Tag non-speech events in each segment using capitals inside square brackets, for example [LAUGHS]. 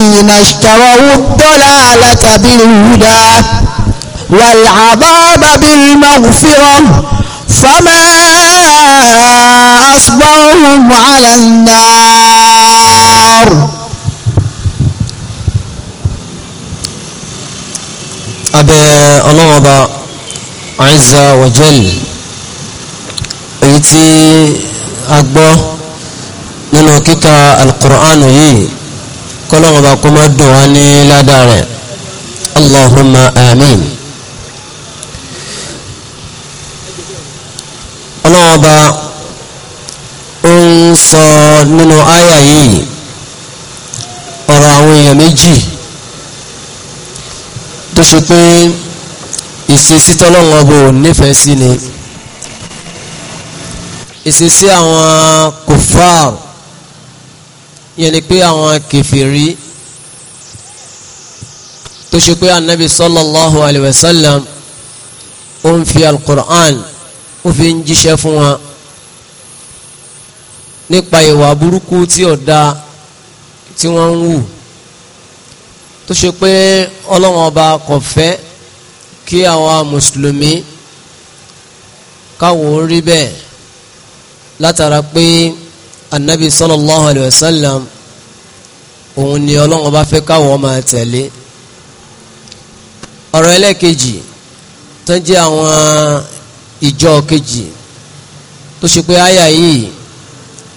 الذين اشتروا الضلالة بالهدى والعذاب بالمغفرة فما أصبرهم على النار أبي الله عز وجل أيتي أكبر من كتاب القرآن يي kọ́lọ́wọ́n bá kó má dùn wá ní ládàá rẹ̀ allahumma amin. ọlọ́wọ́n bá ó ń sọ nínú àyà yìí ọ̀rọ̀ àwọn èèyàn méjì tó ṣe pé ìṣesí tọ́lọ́wọ́n ọba nífẹ̀ẹ́ sí ni ìṣesí àwọn kòfáàrù yẹn ni pé àwọn kèfèrí tó ṣe pé anabi sallallahu alayhi wa sallam ó ń fi alukur'an ó fi ń jíṣẹ́ fún wa nípa ìwà burúkú tí ó tí wọ́n ń wù tó ṣe pé ọlọ́wọ́n ọba kò fẹ́ kí àwa mùsùlùmí káwọ́ rí bẹ́ẹ̀ látara pé. Pe anabi sallallahu alayhi wa sallam òun ni ọlọ́run bá fẹ́ káwọn máa tẹ̀lé ọ̀rọ̀ ẹlẹ́ẹ̀kejì tó jẹ́ àwọn ìjọ kejì tó ṣe pé àyà yìí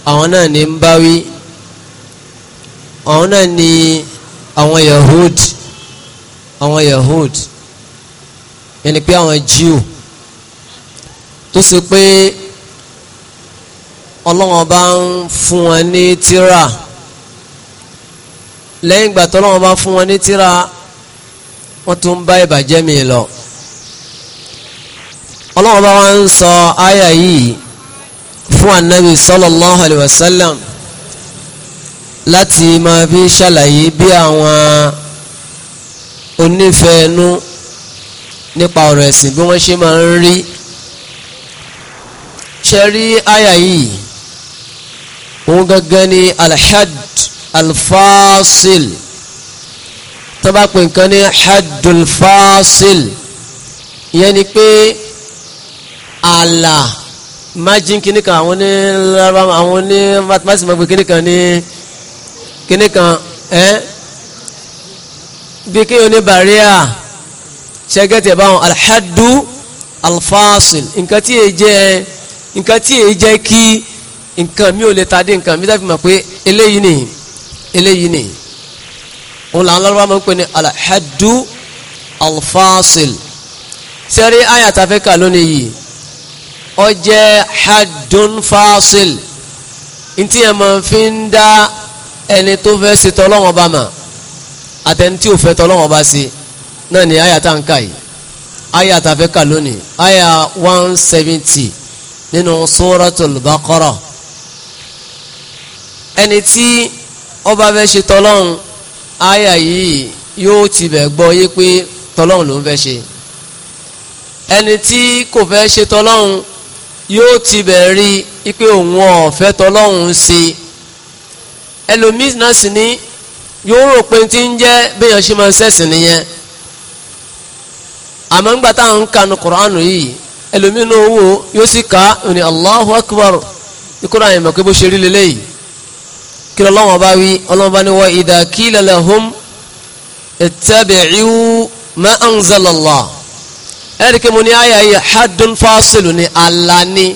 àwọn náà ní ń báwí àwọn náà ní àwọn yahood àwọn yahood yẹn ni pé àwọn Jew tó ṣe pé ọlọ́wọ́n bá ń fún wọn ní tíra lẹ́yìn ìgbà tó ọlọ́wọ́n bá fún wọn ní tíra wọ́n tún bá ìbàjẹ́ mi lọ ọlọ́wọ́n bá wá ń sọ àyà yìí fún anabi sallallahu alayhi wa sallam láti máa fi ṣàlàyé bí àwọn onífẹ̀ẹ́nu nípa ọ̀rọ̀ ẹ̀sìn bí wọ́n ṣe máa ń rí ṣe rí àyà yìí òun gangan ni alhad alfasil tó bá pè nǹkan ní haddul fasil ìyẹn ni pé àlà májín kìíní kan àwọn ní lárúbáwá àwọn ní mathematics máa gbé kìíní kan ní kìíní ẹ bí kéèyàn ní bàríà ṣẹgẹtì ẹ báwọn alhadu alfasil nǹkan tí èyí jẹ nǹkan tí èyí jẹ kí nǹkan mi ò lè ta dé nǹkan mi dábì mọ̀ pé eléyìí ni eléyìí ni òun làwọn lọ́wọ́ máa ń pè ní alhadu alfasil sẹ́rí ayàtàfẹ́ kà lónìí yìí ó jẹ́ hadun fasil ntí yẹn máa fi ń dá ẹni tó fẹ́ ṣe tọ́lọ́wọ́n bá mà àtẹni tí tọ́lọ́wọ́n bá ṣe náà ni ayàtà ń kà yìí ayàtàfẹ́ kà lónìí ayà one seventy nínú suratul baqara. ẹni tí ọba fẹ́ ṣe tọ́lọ́run àyà yìí yóò ti bẹ gbọ́ yé pé tọ́lọ́run ló ń fẹ́ ṣe ẹni tí kò fẹ́ ṣe tọ́lọ́run yóò ti bẹ̀ rí i pé òun ọ̀fẹ́ tọ́lọ́run ṣe ẹlòmíì náà sì ní yóò rò pé tí ń jẹ́ ṣe máa ṣẹ̀sìn nìyẹn kí lọ́wọ́ bá wí ọlọ́wọ́ bá ní wa idha qila lahum ittabi'u ma anzala Allah ẹ̀rí kí mo ní àyà yìí haddun fásilù ní àlà ní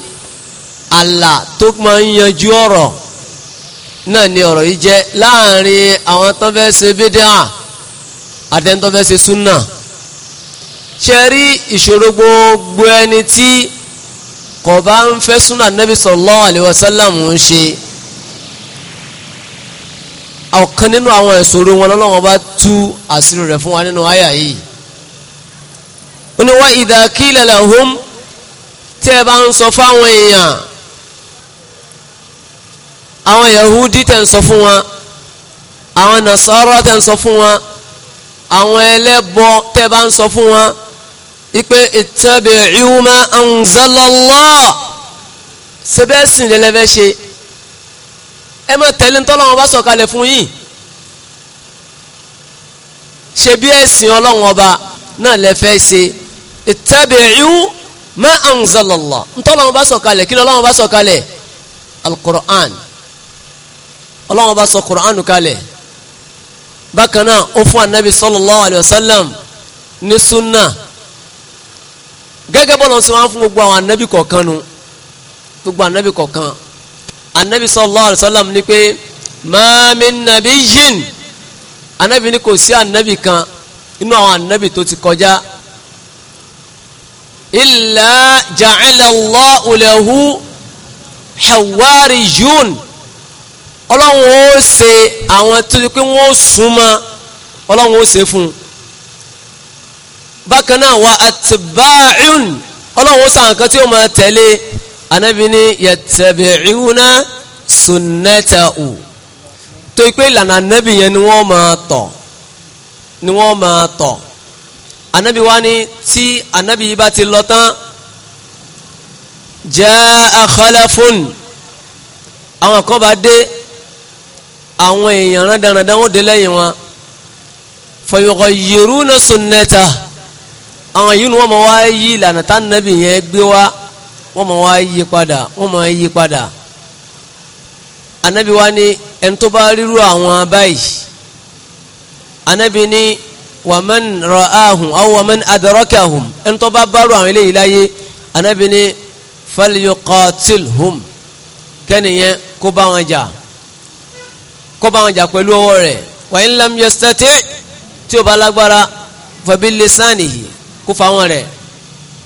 àlà tó máa ń yanjú ọ̀rọ̀ náà ni ọ̀rọ̀ yìí jẹ́ láàrin àwọn tó fẹ́ ṣe bídíà àtẹ́ni fẹ́ ṣe súnà ṣe ìṣòro gbogbo ẹni tí kò bá ń fẹ́ súnà Nabi sallallahu alaihi wasallam ń ṣe ọ̀kan nínú àwọn ìṣòro wọn lọ́lọ́wọ́n bá tú àṣírí rẹ̀ fún wa nínú àyà yìí ó ní wá idha qila lahum tí ẹ bá ń sọ fáwọn èèyàn àwọn Yahudi tẹ̀ ń sọ fún wa àwọn Nasara tẹ̀ ń sọ fún wa àwọn ẹlẹ́bọ tẹ́ bá ń sọ fún wọn ipe ittabi'u ma anzalallah ṣe lẹ́lẹ́fẹ́ ṣe ẹ máa tẹ̀lé ntọ́lọ́wọ́n bá sọ̀kalẹ̀ fún yín ṣe bí ẹ̀sìn ọlọ́wọ́n ọba náà lẹ fẹ́ ṣe ittabi'u ma anzalallah ntọ́lọ́wọ́n bá sọ̀kalẹ̀ kí lọ́wọ́n bá sọ̀kalẹ̀ alukur'an ọlọ́wọ́n bá sọ kur'an kalẹ̀ bákan náà ó fún anabi sallallahu alayhi wa sallam ní sunna gẹ́gẹ́ bọ́lá ń sọ wọn fún gbogbo àwọn anabi kọ̀ọ̀kan nu gbogbo anabi kọ̀ọ̀kan anabi sallallahu alayhi wa sallam ní pé ma min nabiyyin anabi ní kò sí anabi kan inú àwọn anabi tó ti kọjá illa ja'ala Allahu lahu hawariyun ọlọ́run ó ṣe àwọn tó ti pé wọ́n súnmọ́ ọlọ́run ó ṣe fún un bákan wa atba'un ọlọ́run ó ṣe kan tí ó máa tẹ̀lé anabi ni yattabi'una sunnatahu tó ipé lana anabi yẹn ni wọ́n máa tọ̀ ni wọ́n máa tọ̀ anabi wa ni anabi yìí bá ti lọ tán jaa khalafun àwọn kan bá dé àwọn èèyàn rádaràdán ó dé lẹ́yìn wọn fa yughayyiruna sunnatahu àwọn yìí ni wọ́n máa wá yí ìlànà tá anabi yẹn gbé wá wọ́n mọ̀ wá yí padà wọ́n mọ̀ yí padà anabi wa ni ẹni tó bá ríru àwọn báyìí anabi ni wàmán ra'ahum aw wàmán adrakahum ẹni tó bá bárò àwọn eléyìí láyé anabi ni falyuqatilhum kẹ́niyẹn kó bá wọn jà kó bá wọn jà pẹ̀lú ọwọ́ rẹ̀ wa in lam yastati tí o bá lágbára fa bil lisanihi kó fa wọn rẹ̀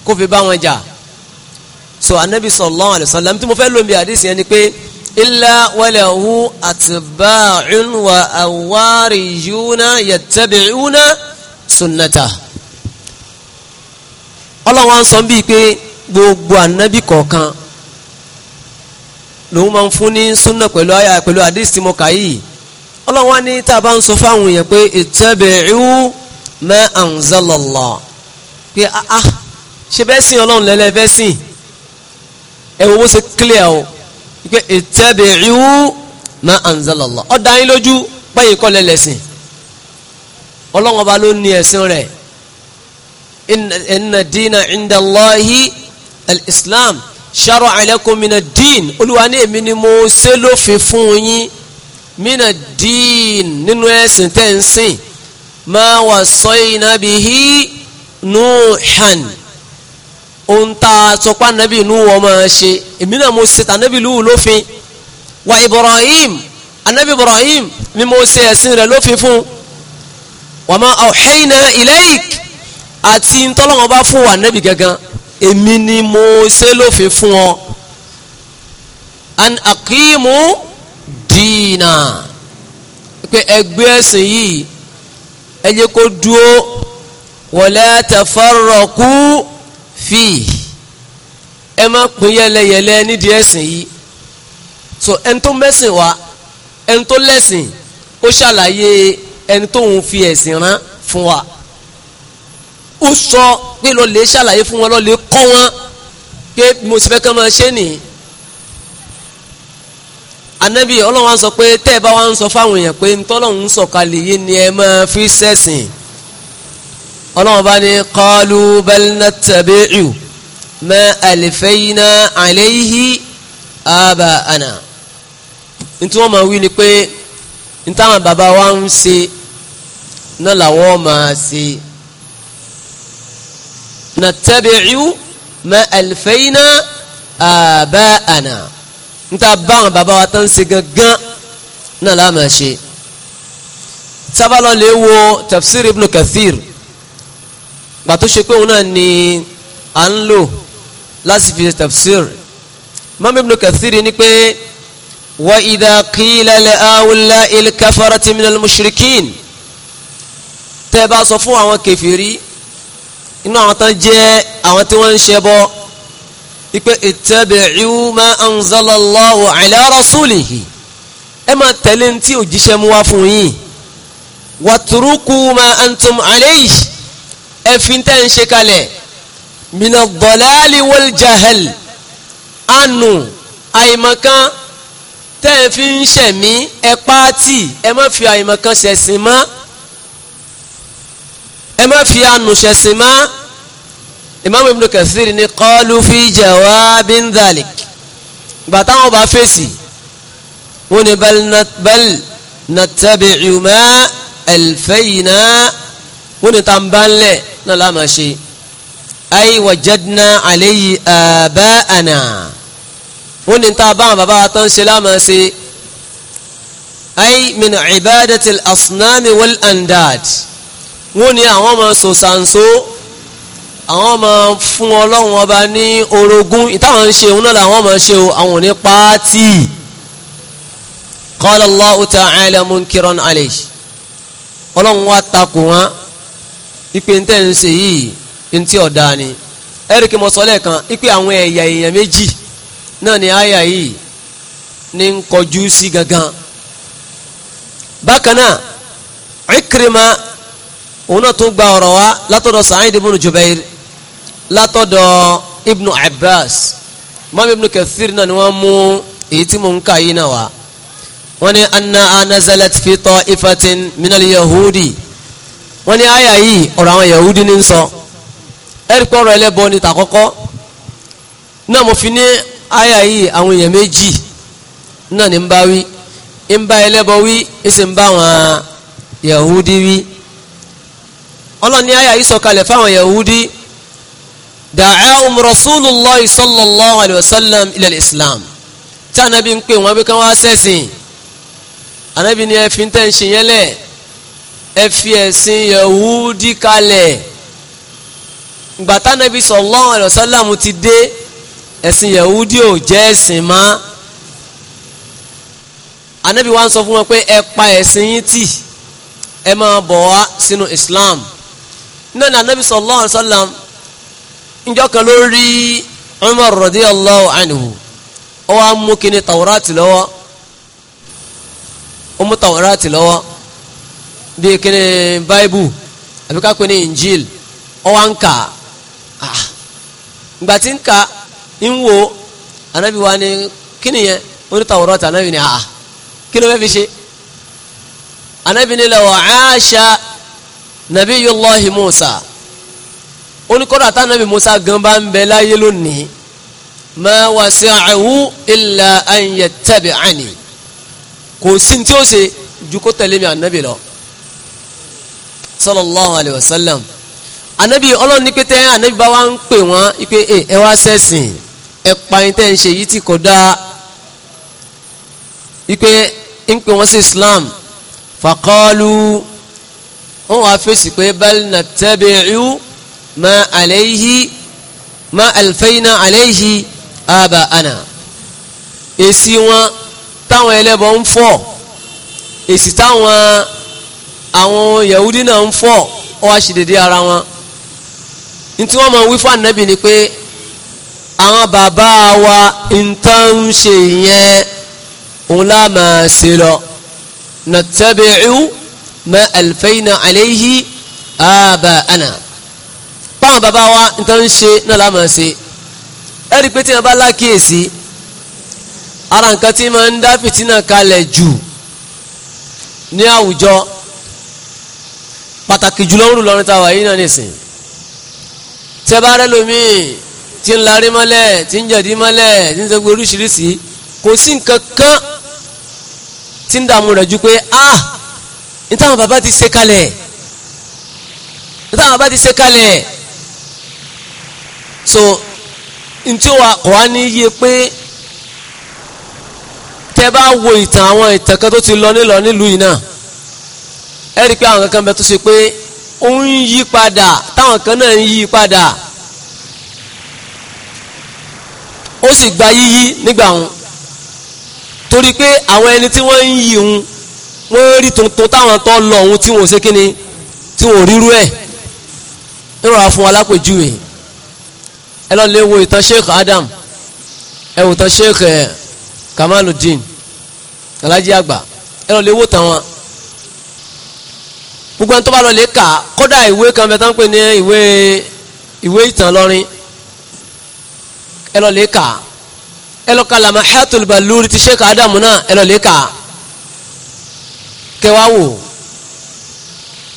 kó fi bá wọn jà so anabi sallallahu alayhi wa sallam tí mo fẹ́ lómi àdìsí yẹn ni pé illa walahu atba'un wa awariyuna yattabi'una sunnata ọlọ́wọ́ ń sọ bíi pé gbogbo anabi kọ̀ọ̀kan lòun máa ń fún ní súnà pẹ̀lú àyà pẹ̀lú àdìsí mo kà yìí ọlọ́wọ́ ní tá a bá ń sọ fáwọn ittabi'u ma anzalallah pé ah ah ṣe bẹ́ẹ̀ sìn ọlọ́run lẹ́lẹ́ bẹ́ẹ̀ sìn ẹ wo bó ṣe clear o pé ittabi'u ma anzalallah ọ̀dà yín lójú báyìí kọ́ lẹ́lẹ́sìn ọlọ́wọ́n ba ló ní ẹ̀sìn rẹ̀ inna dina inda Allahi al-islam shar'a lakum mina dín olúwa ní èmi ni mo ṣe lófin fún yín mina dín nínú ẹ̀sìn tẹ̀ ń sìn ma wasayna bihi nuhan ohun tá a sọ pé anabi inú wọn máa ṣe èmi náà mo ṣe tànàbí lùú lófin wa ibrahim anabi ibrahim mi mo ṣe ẹ̀sìn rẹ̀ lófin fún wa ma awhayna ilayk àti ntọ́lọ́wọ́n bá fún wa anabi gangan èmi ni mo ṣe lófin fún ọ an aqimu dina pé ẹgbẹ́ ẹ̀sìn yìí ẹ jẹ́ kó dúró wala tafarraqu fíì ẹ má pín yẹlẹyẹlẹ nídìí ẹ̀sìn yìí so ẹni tó mẹ́sìn wá ẹni tó lẹ́sìn ó ṣàlàyé ẹni tó ń fi ẹ̀sìn rán fún wa ó sọ pé lọ lè ṣàlàyé fún wọn lọ lè kọ́ wọn pé mo sì fẹ́ kí wọ́n máa ṣe nìyí anabi ọlọ́wọ́n sọ pé tẹ́ ẹ bá wá sọ fáwọn èèyàn pé ntọ́lọ́hún sọ̀kalẹ̀ yìí ni ẹ máa fi ṣẹ̀sìn ọlọ́run bá ní qalu bal nattabi'u ma alfayna alayhi aba'ana nítorí wọ́n máa wí ni pé nítawọn bàbá wa ń ṣe náà làwọn máa ṣe nattabi'u ma alfayna aba'ana níta báwọn bàbá wa tó ń ṣe gangan náà láà máa ṣe sábàlọ́ lè wo tafsir ibn kathir gbà tó ṣe pé òun náà ni à ń lò láti fi tafsir Imam Ibn Kathir ni pé wa idha qila li awla il kafarati minal mushrikin tẹ́ bá sọ fún àwọn kèfèrí inú àwọn tán jẹ́ àwọn tí wọ́n ń ṣe bọ́ ipe ittabi'u ma anzala Allahu ala rasulihi ẹ máa tẹ̀lé ní tí òjíṣẹ́ mú wá fún yín watruku ma antum alayhi ẹ̀fin tẹ́ ń ṣe kalẹ̀ mina dọ̀láàlì wal jahal anu àìmọ̀kan tẹ́ ẹ fi ń ṣẹ̀mí ẹ pààtì ẹ má fi àìmọ̀kan ṣẹ̀sìn mọ́ ẹ má fi anu ṣẹ̀sìn mọ́ imaamu ibn kathir ni qalu fi jawabin dhalik bàtà wọn bá fèsì wọn ni bal nattabi'u ma alfayna wọn ni tàǹbà ńlẹ̀ náà la máa ṣe ayi wajadna alayhi abaana wọ́n ní ta báwọn bàbá wa tán ṣe la máa ṣe ayi min ibadati al-asnami wal andad wọ́n ní àwọn máa sọ sàǹso àwọn máa fún ọlọ́run ọba ní orogún ìtàwọn ṣe òun náà làwọn máa ṣe àwọn ní pàátì qala Allahu ta'ala munkiran alayhi ọlọ́run wa takò wọn ipe ń tẹ́ ń ṣe yìí ń tí ọ̀dà ni eric mọ̀sọ́lẹ̀ kan ipe àwọn ẹ̀yà èèyàn méjì náà ni àyà yìí ní ń sí gangan bákan náà Ikrima òun náà tún gba ọ̀rọ̀ wa látọ̀dọ̀ Sa'id ibn Jubair látọ̀dọ̀ ibn Abbas mọ́mí ibn Kathir náà ni wọ́n mú èyí tí mò ń kà yìí náà wá wọ́n ní anna nazalat fi ta'ifatin minal yahudi wọ́n ní àyà yìí ọ̀rọ̀ àwọn yahudi ní ń sọ ẹ̀ríkọ́ ọ̀rọ̀ ẹlẹ́bọ ní tàkọ́kọ́ náà mo fi ní àyà yìí àwọn èèyàn méjì náà ní ń bá wí ń bá ẹlẹ́bọ wí ìsì ń bá àwọn yahudi wí ọlọ́run ní àyà yìí sọ̀kalẹ̀ fáwọn yahudi da'ahum rasulullahi sallallahu alayhi wa sallam ilal islam tí anabi ń pè wọ́n bí kí wọ́n á anabi ni ẹ fi ń tẹ́ ń ṣe yẹn ẹ fi ẹ̀sìn Yahudi kalẹ̀ gbàtà nàbí sallallahu alaihi wasallam ti dé ẹ̀sìn Yahudi ò jẹ́ ẹ̀sìn mọ́ anabi wa ń sọ fún wọn pé ẹ pa ẹ̀sìn yín tì ẹ máa bọ̀ wá sínú Islam náà ní anabi sallallahu alaihi wasallam njọ́ kan ló rí Umar radiyallahu anhu ó wá mú kíni Tawrati lọ́wọ́ ó mú Tawrati lọ́wọ́ bíi kíni báíbù àbí ká pè ní injil ọwọ́ ń kà á ah, ìgbà tí ń kà ń anabi wa ni kíni yẹn onítàwọ̀rọ̀ tà anabi ni àá ah, kí ló fẹ́ fi ṣe anabi ni lọ́wọ́ aṣa nabiyullahi musa oníkọ́dà tá anabi musa gan ń bẹ láyé lónìí ma wasi'ahu illa an yattabi'ani kò sí ní tí ṣe ju kó tẹ̀lé mi anabi lọ sallallahu alayhi wa sallam anabi ọlọ́run ní pété anabi bá wa ń pè wọ́n ipe eh, ẹ wá sẹ́sìn ẹ pa ẹni tẹ́ ń ṣe yìí tí kò dáa ipe ń pè wọ́n sí islam faqalu wọ́n wá fèsì pé bal nattabi'u ma alayhi ma alfayna alayhi aba ana èsì wọn táwọn ẹlẹ́bọ̀ ń fọ̀ èsì táwọn àwọn yahudi náà ń fọ́ ọ wá ṣe dédé ara wọn ní tí wọ́n máa wí fún ànábì ni pé àwọn bàbá wa nǹkan ń ṣe yẹn òun láà máa ṣe lọ nattabi'u ma alfayna alayhi aba'ana báwọn bàbá wa nǹkan ń ṣe náà láà máa ṣe ẹ rí i pé tí wọ́n bá lákìyèsí ara nǹkan tí máa ń dá fìtínà kalẹ̀ jù ní àwùjọ pàtàkì jùlọ ń rù lọrin táwa yìí náà nìsín tẹ bá rẹ lómii tí ń larí mọ́lẹ̀ tí ń jẹ̀dí mọ́lẹ̀ tí ń sẹ́gun oríṣiríṣi kò sí nǹkan kan tí ń dààmú rẹ̀ ju pé ah ní bàbá ti ṣe kalẹ̀ ní bàbá ti ṣe kalẹ̀ so n tí wàá kọ́ wa ní yé pé tẹ bá wo ìtàn àwọn ìtàn kan tó ti lọ nílọ nílùú yìí náà ẹ rí i pé àwọn kankan bẹ tó ṣe pé ó ń yí padà táwọn kan náà ń yí padà ó sì gba yíyí nígbà wọn torí pé àwọn ẹni tí wọ́n ń yí wọn wọ́n rí tuntun táwọn tó lọ ohun tí wọ́n ṣe kí ni tí wọ́n ríru ẹ̀ nírọ̀lá fún alápèjúwe ẹ lọ lè wo ìtàn Sheikh Adam ẹ wò tán Sheikh eh, Kamaluddin Alhaji àgbà ẹ lọ lè wo tàwọn gbogbo ẹni tó bá lọ lè kà kódà ìwé kan bẹ tán pé ní ìwé ìwé ìtàn lọrin ẹ lọ lè kà ẹ lọ ka Lamahatul Baluri ti Sheikh Adamu náà ẹ lọ lè kà kẹwàá wò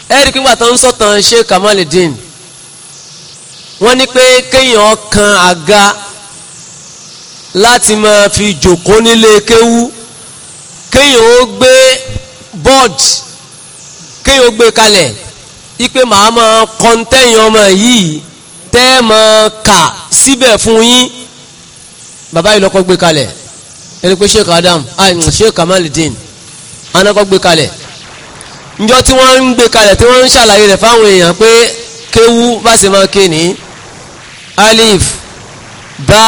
ẹ rí i pé ń sọ̀tàn Sheikh Kamaluddin wọ́n ní pé kéèyàn kan àga láti máa fi jòkó nílé kéwú kéèyàn ó gbé bọ́ọ̀dì kéèyàn gbé kalẹ̀ ipe màá mọ kọ́ńtẹ́yìn ọmọ yìí tẹ́ mọ kà síbẹ̀ fún yín bàbá yìí lọ́kọ́ gbé kalẹ̀ ẹni pé sheikh adam ah, mm, sheikh kamaldeen anakọ́ gbé kalẹ̀ njọ́ tí wọ́n ń gbé kalẹ̀ tí wọ́n ń ṣàlàyé rẹ̀ fáwọn èèyàn pé kéwú bá ṣe máa ké ní alif bá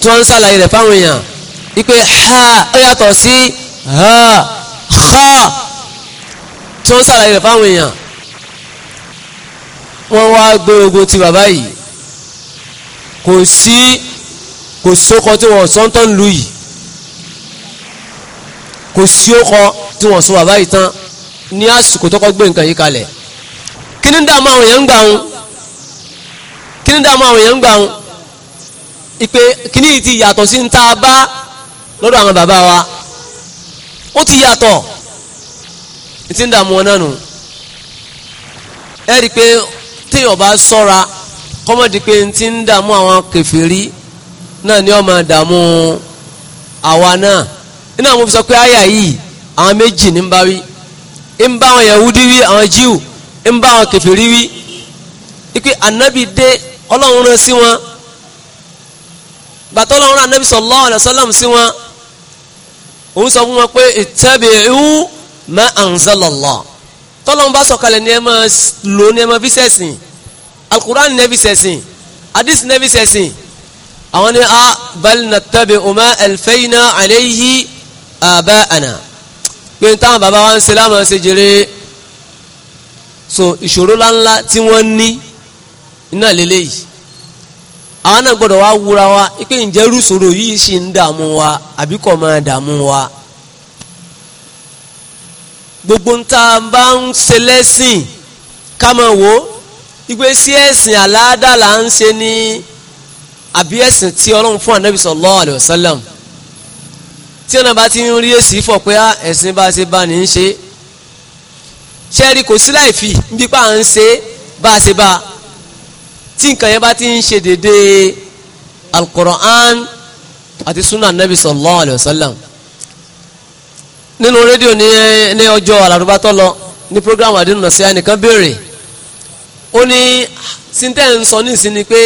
tí wọ́n ń ṣàlàyé rẹ̀ fáwọn èèyàn ipe ha ó yàtọ̀ sí ha fáà tí wọ́n sàlàyé rẹ̀ fáwọn èèyàn wọ́n wá gbé ogun ti bàbá yìí kò sí kò sókọ tí wọ́n sọ ń tán lu yìí kò sí ókọ tí wọ́n sọ bàbá yìí tán ní àsìkò tó gbé nǹkan yìí kalẹ̀ kí ni dààmú àwọn èèyàn ń gbà wọn kí ni dààmú àwọn èèyàn ń gbà wọn ìpè kí ni ìtì yàtọ̀ sí ń tá bá lọ́dọ̀ àwọn bàbá wa ó ti yàtọ̀ tí ń dààmú wọn náà nù ẹ rí i pé téèyàn bá sọ́ra kọ́mọ̀dé pé tí ń dààmú àwọn kèfèrí náà ni ó máa dààmú àwa náà nínú àwọn fi sọ pé àyà yìí àwọn méjì ní ń bá wí ń bá àwọn Yahudi wí àwọn Jíù ń bá àwọn kèfèrí wí ipe anabi dé ọlọ́run rán sí wọn gbàtọ́ ọlọ́run rán anabi sallallahu alaihi wasallam sí wọn òun sọ fún wọn pé ittabi'u ma anzalallah tọ́lọ́n bá sọ̀kalẹ̀ ní ẹ máa lò ní ẹ máa fi sẹ́sìn alukur'an ní ẹ fi sẹ́sìn hadith ní ẹ fi sẹ́sìn àwọn ni a ah, bal nattabi'u ma alfayna alayhi aba'ana pé n táwọn bàbá wa ń ṣe láwọn ṣe jèrè so ìṣòro ńláńlá tí wọ́n ní iná lélẹ́yìí àwọn náà gbọ́dọ̀ wá wúra wa pé ǹjẹ́ rúṣòro yìí ṣì ń dààmú wa àbí máa dààmú wa gbogbo ń tá a bá ń ṣe lẹ́sìn ká mọ̀ wò ó ìgbé sí ẹ̀sìn aláàdá là ń ṣe ní àbí ẹ̀sìn tí ọlọ́run fún ànábì sallallahu alaihi wasallam tí ọ̀nà bá ti ń rí èsì fọ̀ pé ah, ẹ̀sìn bá ṣe bá ní í ṣe ṣe kò sí láì fi níbi pa à ń ṣe bá ṣe bá tí nǹkan yẹn bá ti ń ṣe déédéé al-Qur'an àti sunnah ànábì sallallahu alaihi wasallam nínú rédíò ní ní ọjọ́ àlàrúbá tó lọ ní programu àdínù náà sí ẹnìkan béèrè ó ní síntẹ́ ń sọ ní ìsìn ni pé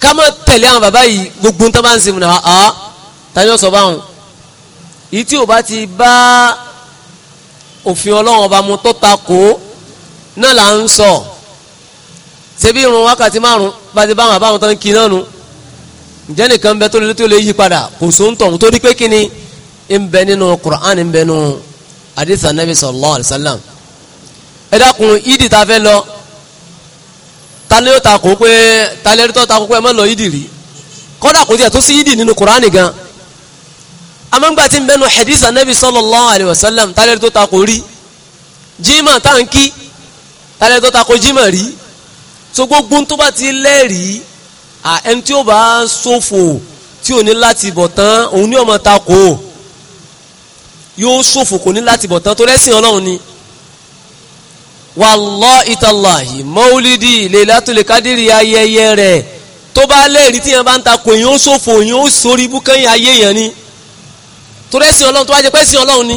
ká má tẹ̀lé àwọn bàbá yìí gbogbo tó bá ń sinmi náà ah, àá ah, tani ó sọ báwọn yìí tí ò bá ti bá òfin ọlọ́run ọba mu tó ta kó náà là ń sọ ṣebí irun wákàtí márùn bá ti bá àwọn àbáwọn tó ń kí náà nu ǹjẹ́ nìkan bẹ tó lè tó lè yí padà kò sóńtọ̀ nítorí pé kí ni ń bẹ Qur'an ń bẹ nínú hadith anabi sallallahu alayhi wa sallam ẹ dákun ìdí ta fẹ́ lọ tani yóò ta kó pé tani yóò ta kó pé ẹ má lọ ìdí rí kódà kò tiẹ̀ tó sí ìdí Qur'an gan amangba ti ń hadith anabi sallallahu alayhi wa sallam tani yóò ta kó rí jimá tanki tani yóò ta kó jimá rí so gbogbo tó bá ti lẹ́rìí à ẹni tí ó bá sófò tí ò ní láti bọ̀ tán òun ní ọmọ ta kó yóò ṣòfò kò ní láti bọ̀ tán tó rẹ́sìn ọlọ́run ni wallahi tallahi maulidi Lailatul Qadri ayẹyẹ rẹ̀ tó bá lẹ́ẹ̀rí tí yẹn bá ń ta kò yín ó ṣòfò yín ó sórí búkẹ́yìn ayé yẹn ni tó rẹ́sìn ọlọ́run tó bá jẹ pé sìn ọlọ́run ni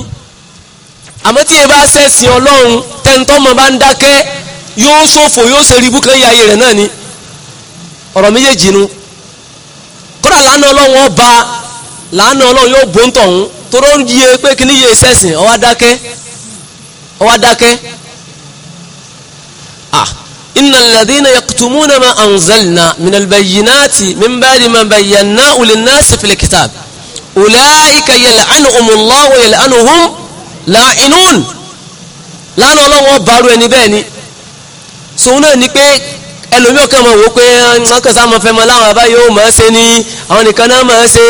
àmọ́ tí yẹn bá sẹ́sìn ọlọ́run tẹ́ntọ́mọ bá ń dákẹ́ yóò ṣòfò yóò sórí búkẹ́yìn ayé rẹ̀ náà ni ọ̀rọ̀ méjèèjì nu kódà tóró ń yẹ pé kí ní yẹ sẹ́sìn ó wá dákẹ́ ó wá dákẹ́ ah innal ladhina yaktumuna ma anzalna minal bayyinati min ba'di ma bayyanahu linnasi fil kitab ulaika yal'anuhumullahu wa yal'anuhum la'inun lánàá ọlọ́wọ́ bàrú ẹni bẹ́ẹ̀ ni sòun náà ni pé ẹlòmíọ̀kan mọ̀ wò pé ọkàn sáà mọ̀ fẹ́ mọ̀ láwọn àbáyé ó mọ̀ ṣe ni àwọn nìkan náà mọ̀ ẹ́ ṣe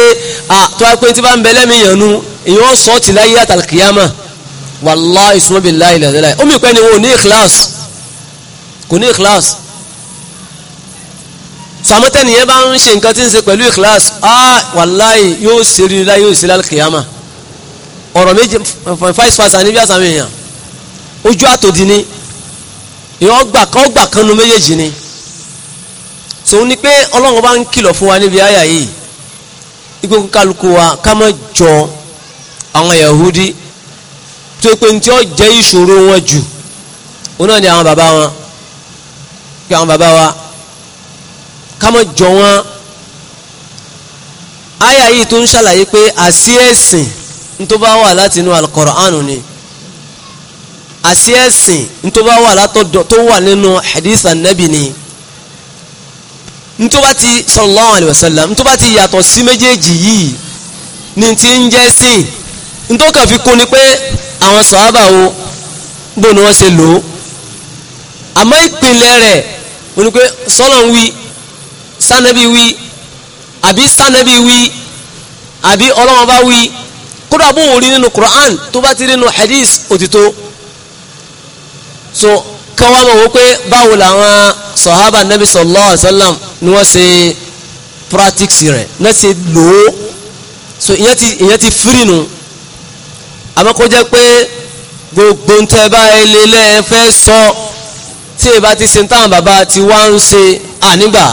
Ah, tó wá pé tí bá ń bẹ lẹ́mìí yànnú èyí wọ́n sọ ti láyé àtàlùkìyàmà wàláhì sùnmọ́ bí láyé lẹ́yìn láyé omi ìpẹ́ ni wọn ò ní ìkìláàs kò ní ìkìláàs sàmọ́tẹ́ni yẹn bá ń ṣe nǹkan tí ń ṣe pẹ̀lú ìkìláàs ah, wàláhì yóò ṣe rí láyé yóò ṣe lálùkìyàmà ọ̀rọ̀ méjì five percent níbi àsàmì èèyàn ojú àtòdì ni ìyọ́n gbà kan méjèèjì ni tòun ni pé ọlọ́run bá ń kìlọ̀ fún wa níbi àyà yìí ikú kálukú wa ká má àwọn yahudi tó pé ní tí ó jẹ́ ìṣòro wọn jù òun náà ni àwọn bàbá wọn pé àwọn bàbá wa ká má jọ wọn àyà yìí tó ń ṣàlàyé pé àsí ẹ̀sìn tó wà láti inú alukọ̀ránù ni àsí ẹ̀sìn wà látọ̀dọ̀ tó wà nínú hadith anabi ni ntoba ti sallallahu alayhi wa sallam ntoba ti yàtọ̀ sí méjèèjì yìí ní ti ń jẹ́ sìn ntọ́ka fi kún ni pé àwọn sọ̀hábà wo bó ni wọ́n ṣe lò ó àmọ́ ìpìlẹ̀ rẹ̀ wọ́n ni pé sọ́nà wí sànẹ́bí wí àbí sànẹ́bí wí àbí ọlọ́wọ́n bá kódà bó wò rí nínú Qur'an tó bá ti rí nínú hadith òtítọ́ so kan wá mọ̀ wọ́n pé báwo làwọn sọ̀hábà nàbí sallallahu alaihi wasallam ni wọ́n ṣe practice rẹ̀ náà ṣe lò ó so ìyẹn ti ìyẹn ti firi nu àmọ́ kó jẹ́ pé gbogbo ń tẹ́ bá ilé lẹ́ẹ̀ fẹ́ sọ tí ìbá ti ṣe táwọn bàbá ti wá ń ṣe ànígbà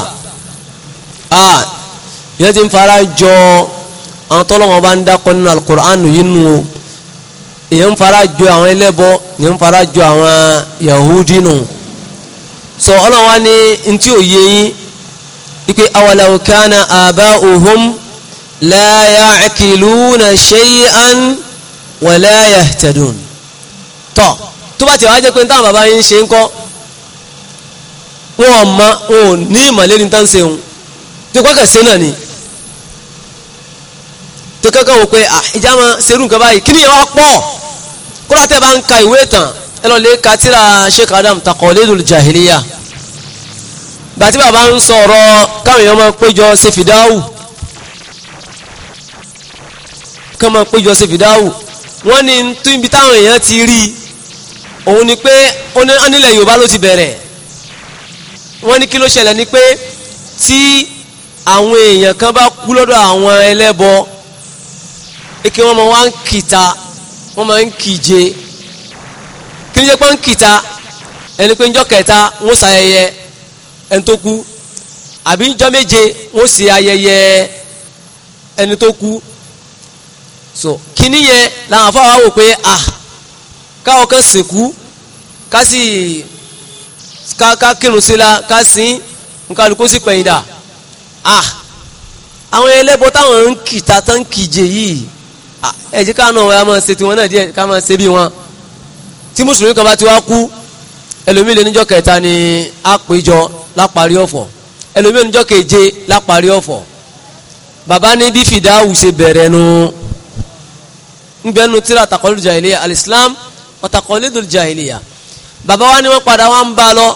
ìyẹn ti ń fara jọ àwọn tọ́lọ́wọ́n ń dákọ́ nínú al-Qur'an yìí nù o èyàn ń fara jọ àwọn ẹlẹ́bọ ní ń fara jọ àwọn yahudi nù sọ ọlọ́run wá ní ntí òye yín ipe awalaw kana aba'uhum la ya'qiluna shay'an wa la yahtadun tọ́ tó bá ti wá jẹ́ pé táwọn bàbá yín ṣe ń kọ́ wọn ò ò ní ìmọ̀lẹ́ ní tán ṣeun tí kọ́kẹ́ ṣe náà ni tó kọ́kẹ́ wò pé ìjà ah, máa nǹkan báyìí kí ni ìwà pọ̀ kódà tẹ́ bá ń ka ìwé tán ẹ lọ lè ka tíra Sheikh Adam Taqalidul Jahiliya gbàtí bàbá ń sọ̀rọ̀ káwọn èèyàn máa péjọ ṣe fìdáwù ká máa péjọ ṣe fìdáwù wọ́n ní tó táwọn èèyàn ti rí òun ni pé onílẹ̀ Yorùbá ló ti bẹ̀rẹ̀ wọ́n ní kí ló ṣẹlẹ̀ ni pé tí àwọn èèyàn kan bá kú lọ́dọ̀ àwọn ẹlẹ́bọ eke wọn máa wá kìta wọ́n máa ń kìje kí ni jẹ́ pé ń kìta ẹni pé ńjọ́ kẹta wọ́n ṣayẹyẹ ẹni tó kú àbí ńjọ́ méje wọ́n ṣe ayẹyẹ ẹni tó kú so kí ni yẹn làwọn afọ àwọn wò pé ah káwọn kan sìnkú ká sì ká kírun sí la ká sìn nkálukú sí pẹ̀yìndà ah àwọn ẹlẹ́bọ táwọn ń kìta tán kìje yìí Ah, ẹ jẹ́ káwọn náà wọ́n máa ṣe tiwọn náà díẹ̀ ká máa ṣe bí wọn tí mùsùlùmí kan bá ti wá kú ẹlòmíì lè níjọ́ kẹta ni àpéjọ láparí ọ̀fọ̀ ẹlòmíì níjọ́ keje láparí ọ̀fọ̀ bàbá ní bí fìdáwù ṣe bẹ̀rẹ̀ nu nbẹ́nu tíra takọ̀lẹ́dù jahiliya alìsílám ọ̀takọ̀lẹ́dù jahiliya bàbá wa ni wọ́n padà wá bá lọ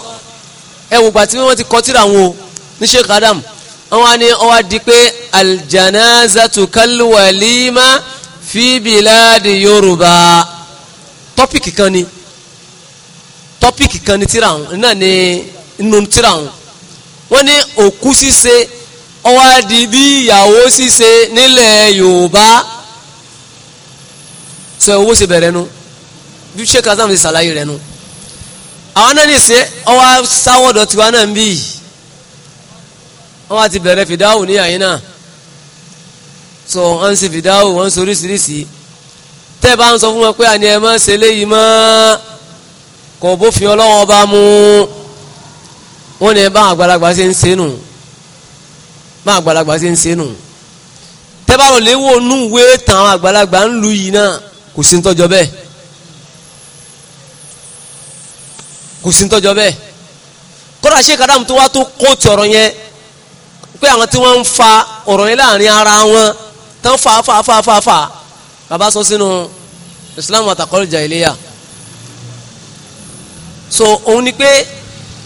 ẹ wò gbà ti kọ́ tíra wọn o ní Sheikh Adam wọ́n wá ní ọwá di pé aljanazatu kalwalima fi biladi yorùbá tọ́pìkì kan ni tọ́pìkì kan ni tíra ọ̀hún náà ni inú tíra ọ̀hún wọ́n ní òkú ṣíṣe ó wá di bí ìyàwó ṣíṣe nílẹ̀ yorùbá sọ owó ṣe bẹ̀rẹ̀ nu bí sheikh azam ṣe ṣàlàyé rẹ̀ nu àwọn náà nìṣe ó wá sáwọ́dọ̀ tiwa náà ń bí yìí ti bẹ̀rẹ̀ fìdáhùn ní àyín so wọ́n ń ṣe fìdáwò wọ́n ń ṣe oríṣiríṣi tẹ́ bá ń sọ fún wọn pé àní ẹ má ṣe léyìí mọ́ kò bófin ọlọ́wọ́n bá mú wọ́n ní bá àgbàlagbà ṣe ń ṣe nù bá àgbàlagbà ṣe ń ṣe nù tẹ́ bá lọ léwó nú ìwé tàn àwọn àgbàlagbà ń lu yìí náà kò sí ń tọ́jọ bẹ́ẹ̀ kò sí ń tọ́jọ bẹ́ẹ̀ kódà ṣé kàdámù tó wá tó kóòtù ọ̀rọ̀ yẹn pé àwọn tí wọ́n ń fa ọ̀rọ̀ yẹn láàrin ara wọn tán fa fa fa fa, fà bàbá sọ sínú islam àtàkọ́lù jàhílíyà so òun ni pé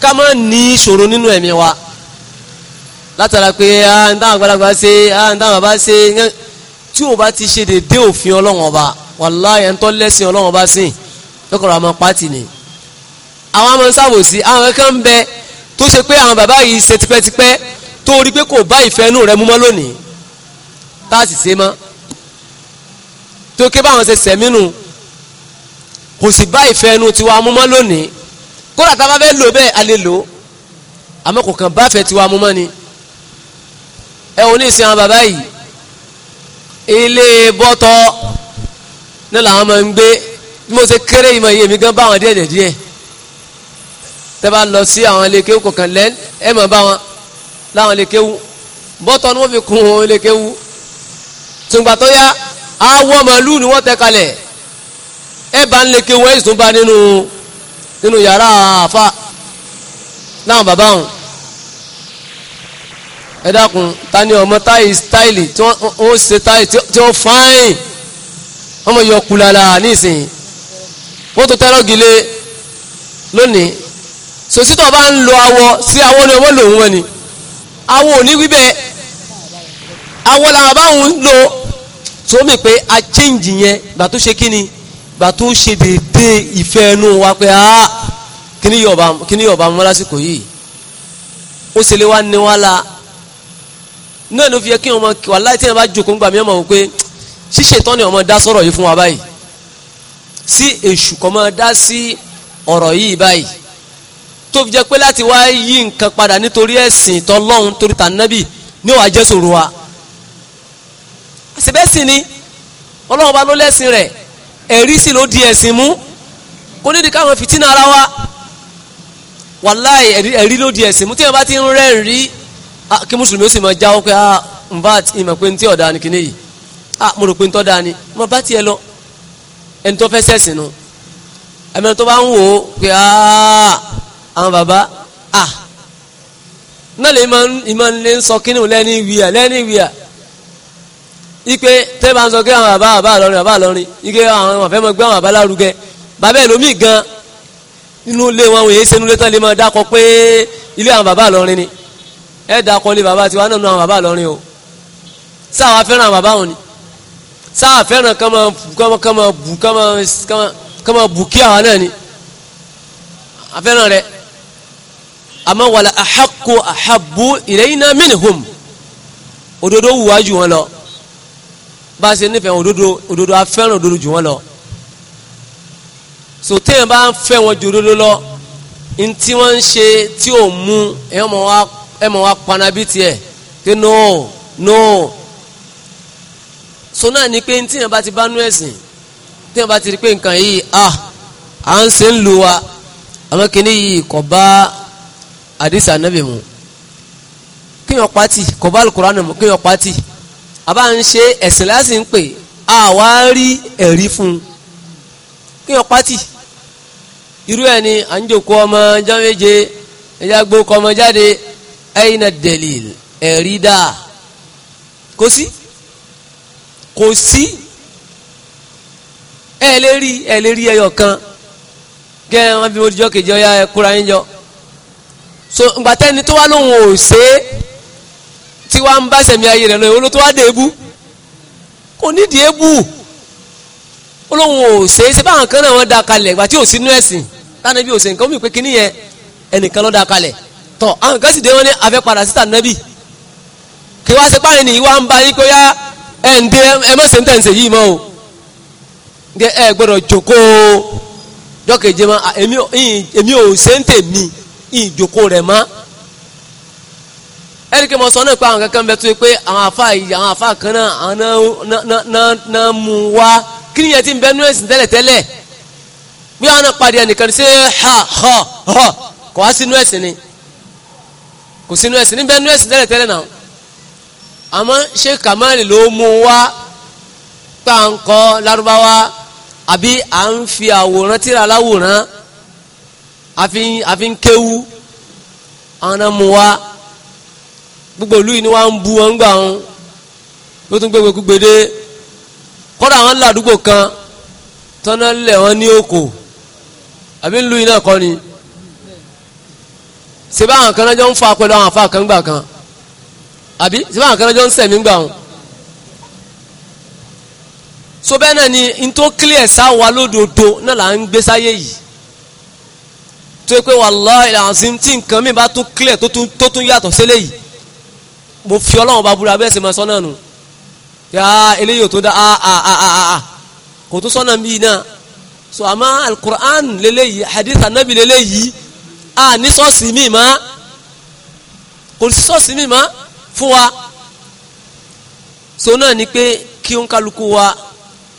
ká má ní ìṣòro nínú ẹ̀mí wa látara pé ah ń táwọn àgbàlagbà ṣe ah ń táwọn bàbá ṣe tí o bá ti ṣe dédé òfin ọlọ́wọ́n ọba wàláhì ẹ̀ ń tọ́ lẹ́sìn ọlọ́wọ́n ọba sìn lọ́kọ̀ọ́ra ọmọ pátì ni àwọn ọmọ sábòsí àwọn kankan ń bẹ tó ṣe pé àwọn bàbá yìí ṣe tipẹ́tipẹ́ tó rí pé kò bá ìfẹ́ inú rẹ mú mọ́ lónìí tá a sì ṣe mọ́ tó ké báwọn ṣe sẹ̀mínú kò sì bá ìfẹ́ inú tiwa mú mọ́ lónìí kódà tá a bá fẹ́ lò bẹ́ẹ̀ a lè lò àmọ́ kò kàn bá fẹ́ tiwa mú mọ́ ni ẹ ò ní ìsìn àwọn bàbá yìí ilé bọ́tọ́ ní làwọn máa ń gbé bí mo ṣe kéré yìí mọ iye mi gan báwọn díẹ̀ díẹ̀ tẹ́ bá lọ sí àwọn ilé kéwú kọ̀ọ̀kan lẹ́n ẹ̀ mọ̀ báwọn láwọn ilé kéwú bọ́tọ́ ni wọ́n fi kun ilé kéwú tùgbà tó yá awọ màálù ni wọ́n tẹ kalẹ̀ ẹ bá ń leke wọ́n èso bá nínú nínú yàrá àfa láwọn bàbá wọn ẹ dákun ta ni ọmọ táyì stáìlì tí wọ́n ṣe táyì tí wọ́n fáìn wọ́n mọ̀ kulala nísìnyí wọ́n tó tẹ́rọ lónìí sòsítọ̀ bá ń lo awọ sí awọ ni wọ́n lòun wọn ni awọ ò àwọn làwọn báwọn ń lò tó mì pé a change yẹn gbà tó ṣe kí ni gbà tó ṣe dédé ìfẹ́ ẹnu wa pé a kí ni yọ̀ọ̀bá mú lásìkò yìí ó ṣe lé wá ní wá la náà ló fi yẹ kí ọmọ wàláhì tí wọn bá jókòó gbà mí ọmọ wọn pé ṣíṣe tán ni ọmọ dá sọ̀rọ̀ yìí fún wa báyìí sí èṣù kọ́ máa dá sí ọ̀rọ̀ yìí báyìí tó fi jẹ́ pé láti wá yí nǹkan padà nítorí ẹ̀sìn tọlọ́hun torí tànábì ní sòrò wa síbẹ̀sì ni ọlọ́run bá ló lẹ́sìn rẹ̀ ẹ̀rí sì ló di ẹ̀sìn mú kó nídìí káwọn fìtínà ara wa wàláì ẹ̀rí ló di ẹ̀sìn mú tí wọ́n bá ti ń rẹ́rìí kí mùsùlùmí ó sì máa jáwọ́ pé ah nvat ìmọ̀ pé ní tí ọ̀dà ni kìíní ah mo rò pé ní da ni mo bá tiẹ̀ lọ ẹni tó fẹ́ sẹ̀sìn nu ẹni tó bá ń wò ó pé ah àwọn bàbá ah náà lè ìmọ̀ ń lé ń sọ kíní lẹ́ni wíyà lẹ́ni wíyà ipe tẹ́ bá ń sọ pé àwọn bàbá bàbá lọ́rin bàbá lọ́rin ike àwọn ọmọ fẹ́ mọ gbé àwọn bàbá lárugẹ bàbá ẹ̀ lómi gan nínú ilé wọn òye sẹ́nu létọ́ lè mọ dákọ pé ilé àwọn bàbá lọ́rin ni ẹ̀ dákọ lé bàbá tiwa náà nù àwọn bàbá lọ́rin o sáà fẹ́ràn àwọn bàbá wọn ni sáà fẹ́ràn kama kama kama bu kama kama kama bu kí àwọn náà ni àfẹ́ràn rẹ àmọ́ wàlà àhàkó àhàbó ìrẹ́yìn náà mìíràn hom òdodo wù wájú wọn lọ bá a ṣe nífẹ̀ẹ́ òdodo òdodo a fẹ́ràn òdodo jù wọ́n lọ so téèyàn bá ń fẹ́ wọn jù òdodo lọ n tí wọ́n ń ṣe tí ò mú ẹ mọ̀ wá paná bí tiẹ̀ pé no no so náà ni pé tíyàn bá ti bá nú ẹ̀sìn tíyàn bá ti rí pé nǹkan yìí ah à ń ṣe ń lu wa àmọ́ kìíní yìí kò bá àdìsá nábì mu kíyàn pátì kò bá alukóra nà mu kíyàn pátì àbá ń ṣe ẹ̀sìn láti ń pè á wá rí ẹ̀rí fún un kí wọ́n pátì irú ẹ̀ ni à ń jòkó ọmọ ọjọ́ méje ẹ̀yà gbókọ ọmọ jáde ẹ̀yìnà dẹ̀lìl ẹ̀rí dà kò sí kò sí ẹ̀ lè rí ẹ̀ lè rí ẹyọ kan kẹ́ ẹ̀ wọ́n fi mojújọ́ kejì ọ̀yà ẹ̀ yín jọ so ìgbà tẹ́ni tó wá lóhùn ò ṣe é tí wàá ń bá sẹ̀mí ayé rẹ̀ lọ ìwọ́n ló tó wá dé ebú kò nídìí ebú olóhùn ò ṣe é ṣe báwọn kan náà wọ́n da kalẹ̀ ìgbà tí ò sínú ẹ̀sìn tánà bí ò ṣe nǹkan ó mì pé kíní yẹn ẹnìkan ló da kalẹ̀ tọ̀ àwọn kan sì dé wọn ní afẹ́ padà síta nábì kí wá ṣe páàrin nìyí wá ń ba yín kó yá ẹ̀ ń dé ẹ mọ̀ ṣe ń tẹ̀ ń ṣe yìí mọ́ o ẹ gbọ́dọ̀ jókòó jọ́kèjì mọ́ èmi ò ṣe ń tèmi ìjókòó rẹ̀ mọ́ ẹ̀ríkẹ́ mọ̀ sọ náà pé àwọn kankan bẹ tó yẹ pé àwọn afa yìí àwọn afa kan náà àwọn náà mú wá kí ni yẹn ti ń bẹ nú tẹ́lẹ̀tẹ́lẹ̀ bí àwọn náà pàdé ẹnìkan ṣe ha ha ha kò wá sínú ẹ̀sìn ni kò sínú ẹ̀sìn níbẹ̀ nú ẹ̀sìn tẹ́lẹ̀tẹ́lẹ̀ náà àmọ́ ṣé kàmáàlì ló mú wá pàǹkọ́ lárúbáwá àbí à ń fi àwòrán tíra láwòrán àfi àfi ń kéwu àwọn náà mú wá gbogbo ìlú yìí ni wọ́n ń bu wọn gbà wọn ló tún gbégbé gbégbédé kọ́dà wọn ládùúgbò kan tọ́nà lẹ̀ wọn ní òkò àbí ń lu yìí náà kọ́ ni sèbá àwọn kan náà jọ ń fa pẹ̀lú àwọn afa kan gbà kan àbí sèbá àwọn kan náà jọ ń sẹ̀mí gbà wọn so bẹ́ẹ̀ náà ni n tó clear sá wa lódodo náà là ń gbé sáyé yìí tó yẹ pé wàláhì làwọn sì ń nǹkan mi bá tún clear tó tún yàtọ̀ sílẹ̀ yìí mo fi ọlọ́run bá búra bẹ́ẹ̀ sì máa sọ́nà nù yà eléyìí ò tó dá a a a a a kò tó sọ́nà bíi náà so àmọ́ alukur'an lélẹ́yìí hadith anabi lélẹ́yìí a ní sọ́ọ̀sì mi ma kò sí sọ́ọ̀sì mi ma fún wa so náà ni pé kí n kálukú wa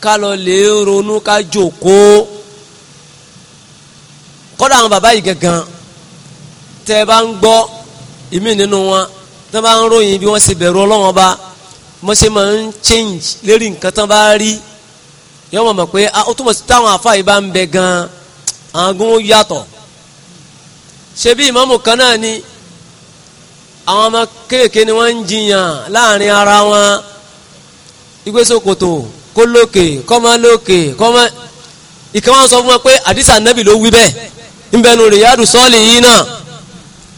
ká lọ lè ronú ká jókòó kọ́dà àwọn bàbá yìí gangan tẹ́ ẹ bá ń gbọ́ ìmí nínú wọn tán bá ń ròyìn bí wọ́n ṣe bẹ̀rù Ọlọ́run Ọba wọ́n ṣe máa ń change lérí nǹkan tán bá rí yọ mọ̀ mọ̀ pé ah, ó túmọ̀ sí táwọn àfáà yìí bá ń bẹ gan-an àwọn gún yàtọ̀ ṣe bí ìmáàmù kan náà ni àwọn ọmọ kéèké ni wọ́n ń jiyàn láàrin ara wọn ìgbésòkòtò kó lókè kọ́mọ lókè kọ́mọ ìkan wọn sọ fún wọn pé àdìsá nábì ló wí bẹ́ẹ̀ ń bẹnu Riyadu Salihin náà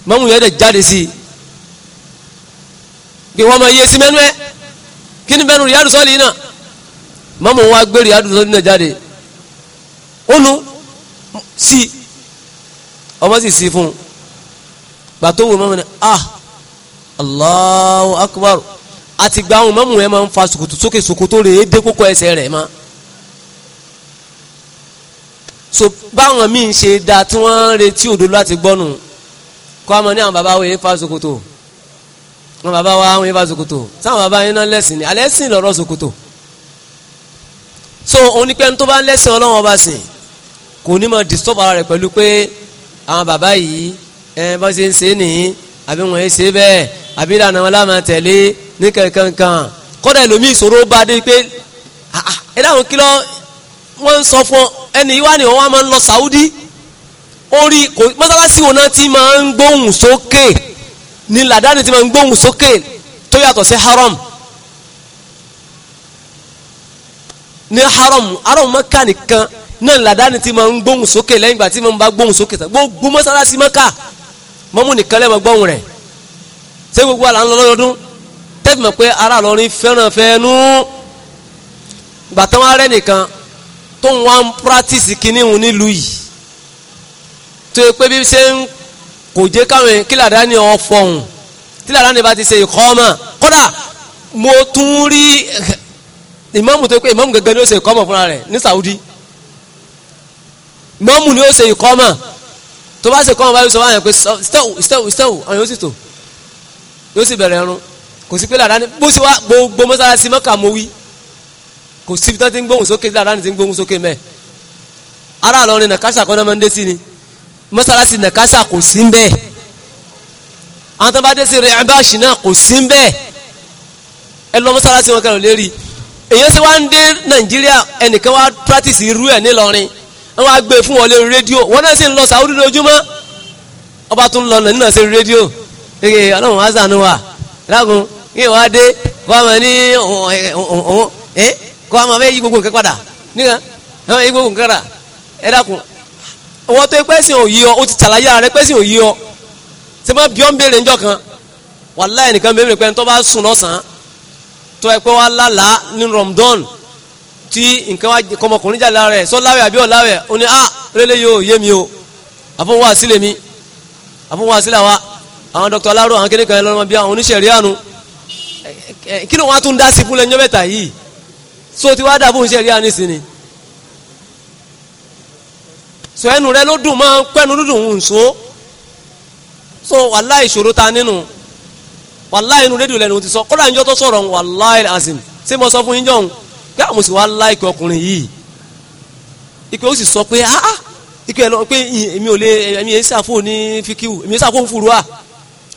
mọ́mú yẹn dẹ̀ jáde sí i kí wọ́n máa yé sí mẹ́nu ẹ̀ kí ni bẹ́nu Riyadu Sọ́ọ̀lì yìí náà mọ́mọ́ wọn gbé Riyadu Sọ́ọ̀lì náà jáde ó nu sí ọmọ sì sí fún un gbàtó wo mọ́mọ́ ni ah Allahu Akbar àti gba àwọn mọ́mọ́ yẹn máa ń fa sòkòtò sókè sòkòtò rèé dé kókó ẹsẹ̀ rẹ̀ máa so báwọn míì ń ṣe dáa tí wọ́n ń retí òdo láti gbọ́nù kó a ní àwọn bàbá wo yẹn fa ṣòkòtò wọn bàbá wa wọn yẹn fa sáwọn bàbá yẹn náà lẹ́sìn ni alẹ́ sìn lọ́rọ́ ṣòkòtò so onípẹ́ni tó bá ń lẹ́sìn ọlọ́wọ́n bá sìn kò ní mọ̀ disturb ara rẹ̀ pẹ̀lú pé àwọn bàbá yìí ẹ bá ṣe ń ṣe nìyí àbí wọn yẹn ṣe bẹ́ẹ̀ àbí ìlànà wọn láwọn tẹ̀lé ní kankankan kọ́dà ẹlòmíì ìṣòro bá dé pé ah, ah, ẹ dáhùn kí lọ wọ́n ń sọ fún ẹni yìí wá ní wọ́n máa ń lọ Saudi orí mọ́sálásí wọn náà ti máa ń gbóhùn sókè. So ni làdáni ti máa ń gbóhùn sókè tó yàtọ̀ sí haram ní haram haram mọ́kà nìkan náà làdáni ti máa ń gbóhùn sókè lẹ́yìn ìgbà tí mo bá gbóhùn sókè tán gbogbo mọ́sálásí mọ́kà mọ́mú nìkan lẹ́mọ̀ gbóhùn rẹ̀ ṣé gbogbo àlà ń lọ lọ́dún tẹ́bí mọ̀ pé ara lọ́rin fẹ́ràn fẹ́ẹ́nú gbà tán nìkan tó ń wá ń pírátìsì kínní òun nílùú yìí tó yẹ pé bí ṣe ń kò jẹ́ káwọn kílàdá ní ọ̀fọ̀hún kílàdá ní bá ti ṣe ìkọ́mà kódà mo tún rí ìmáàmù tó pé ìmáàmù gẹ́gẹ́ ni ó ṣe ìkọ́mà fúnra rẹ̀ ní Saudi ìmáàmù ni ó ṣe ìkọ́mà tó bá ṣe ìkọ́mà báyìí sọ wáyà pé stẹ́wù stẹ́wù stẹ́wù ọ̀yàn ó sì tò yóò sì bẹ̀rẹ̀ ẹrun kò sí pé kílàdá ní bó ṣe wá gbogbo mọ́sálásí mọ́kà mo wí kò síbi tó ti ń gbóhùn sókè kílàdá ní ti ń gbóhùn sókè mẹ́ẹ̀ ara lọrin nàkásà kọ́nà máa ń dé sí ni mọ́sálásí nàkásà kò sí ń bẹ́ẹ̀ àwọn tó bá dé sí rẹ̀ ẹ̀báṣì náà kò sí ń bẹ́ẹ̀ ẹ lọ mọ́sálásí wọn kẹrò lérí èyàn sì ń dé nàìjíríà ẹnìkan wá practice irú ẹ̀ nílọrin wọn wá gbé e fún wọn lórí rédíò wọn náà sì ń lọ sàúdí lójúmọ́ ọba tún lọ nínú sí rédíò ẹ ọlọ́run wá sànú wa lágùn kí wọ́n dé kó a máa ní ọ̀hún ẹ eh, kó a máa fẹ́ yí gbogbo nǹkan padà nígbà ẹ máa yí gbogbo nǹkan padà ẹ dákun ọwọ́ tó pẹ́sìn òye ọ ó ti tàlàyé ara rẹ pẹ́sìn òye ọ tí wọ́n bí ọ́ ń béèrè ńjọ́ kan wàláì nìkan béèrè pé tó bá sùn lọ́sàn-án tó ẹ pé wá lálàá ní Ramadan tí nǹkan wá kọmọkùnrin jà lára rẹ̀ sọ láwẹ̀ àbí ọ̀láwẹ̀ ó ní à ah, rẹ́lẹ̀ yóò yé mi o àfọwọ́ àsílẹ̀ mi àfọwọ́ àsílẹ̀ wa àwọn dr aláró àwọn kéde kan lọ́nà bí àwọn oníṣẹ̀rí àánú kí ló wọn tún dá sí fúnlẹ̀ ńjọ́ mẹ́ta yìí so tí wàá dà fún oníṣẹ̀rí àánú sí ni so ẹnu rẹ ló dùn máa ń pẹ́nu dúdùn nso so wàláì ìṣòro ta nínú wàláì inú rédíò lẹ́nu ti sọ kọ́dà níjọ́ tó sọ̀rọ̀ wàláì azim ṣé mo sọ fún yín jọ̀hún pé àwọn ah, sì wá láìkè ọkùnrin yìí ìpè ó sì sọ pé ah, ah. ìpè ẹ lọ pé èmi ò lè èmi èyí sàfó ní fíkíwù èmi sàfó ń furu à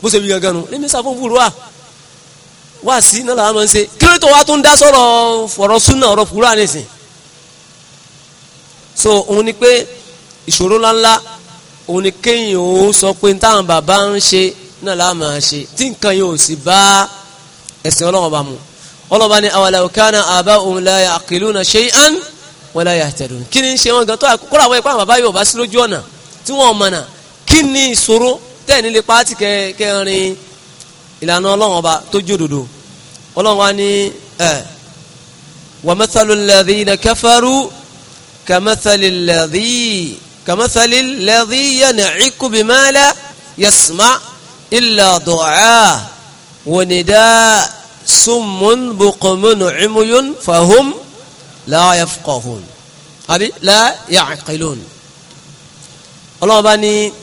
bó ṣe wí gangan nu èmi sàfó ń furu à wá sí iná làwọn máa ń ṣe kí ló tó wá tó ń dá sọ̀rọ̀ fọ̀rọ̀ súnà ọ̀rọ̀ fúra nìsín so òun ni pé ìṣòro ńláńlá òun ni kéèyàn ó sọ pé táwọn bàbá ń ṣe náà láà máa ṣe tí nǹkan yóò sì bá ẹ̀sìn ọlọ́wọ́n bá mu ọlọ́ba ni awalaw kana aba'uhum la ya'qiluna shay'an wala yahtadun kí ni ṣe wọn gan tó àkókò àwọn ìpá bàbá yóò bá sí lójú ọ̀nà tí wọ́n mọ̀nà kí ni ìṣòro tẹ́ẹ̀ nílé pàtì kẹrin ìlànà ọlọ́wọ́n tó jódodo ọlọ́wọ́n ni ẹ̀ wa mathalul ladhina kafaru kamathali كمثل الذي ينعك بما لا يسمع إلا دعاء ونداء سم بقم عمي فهم لا يفقهون هذه لا يعقلون الله بني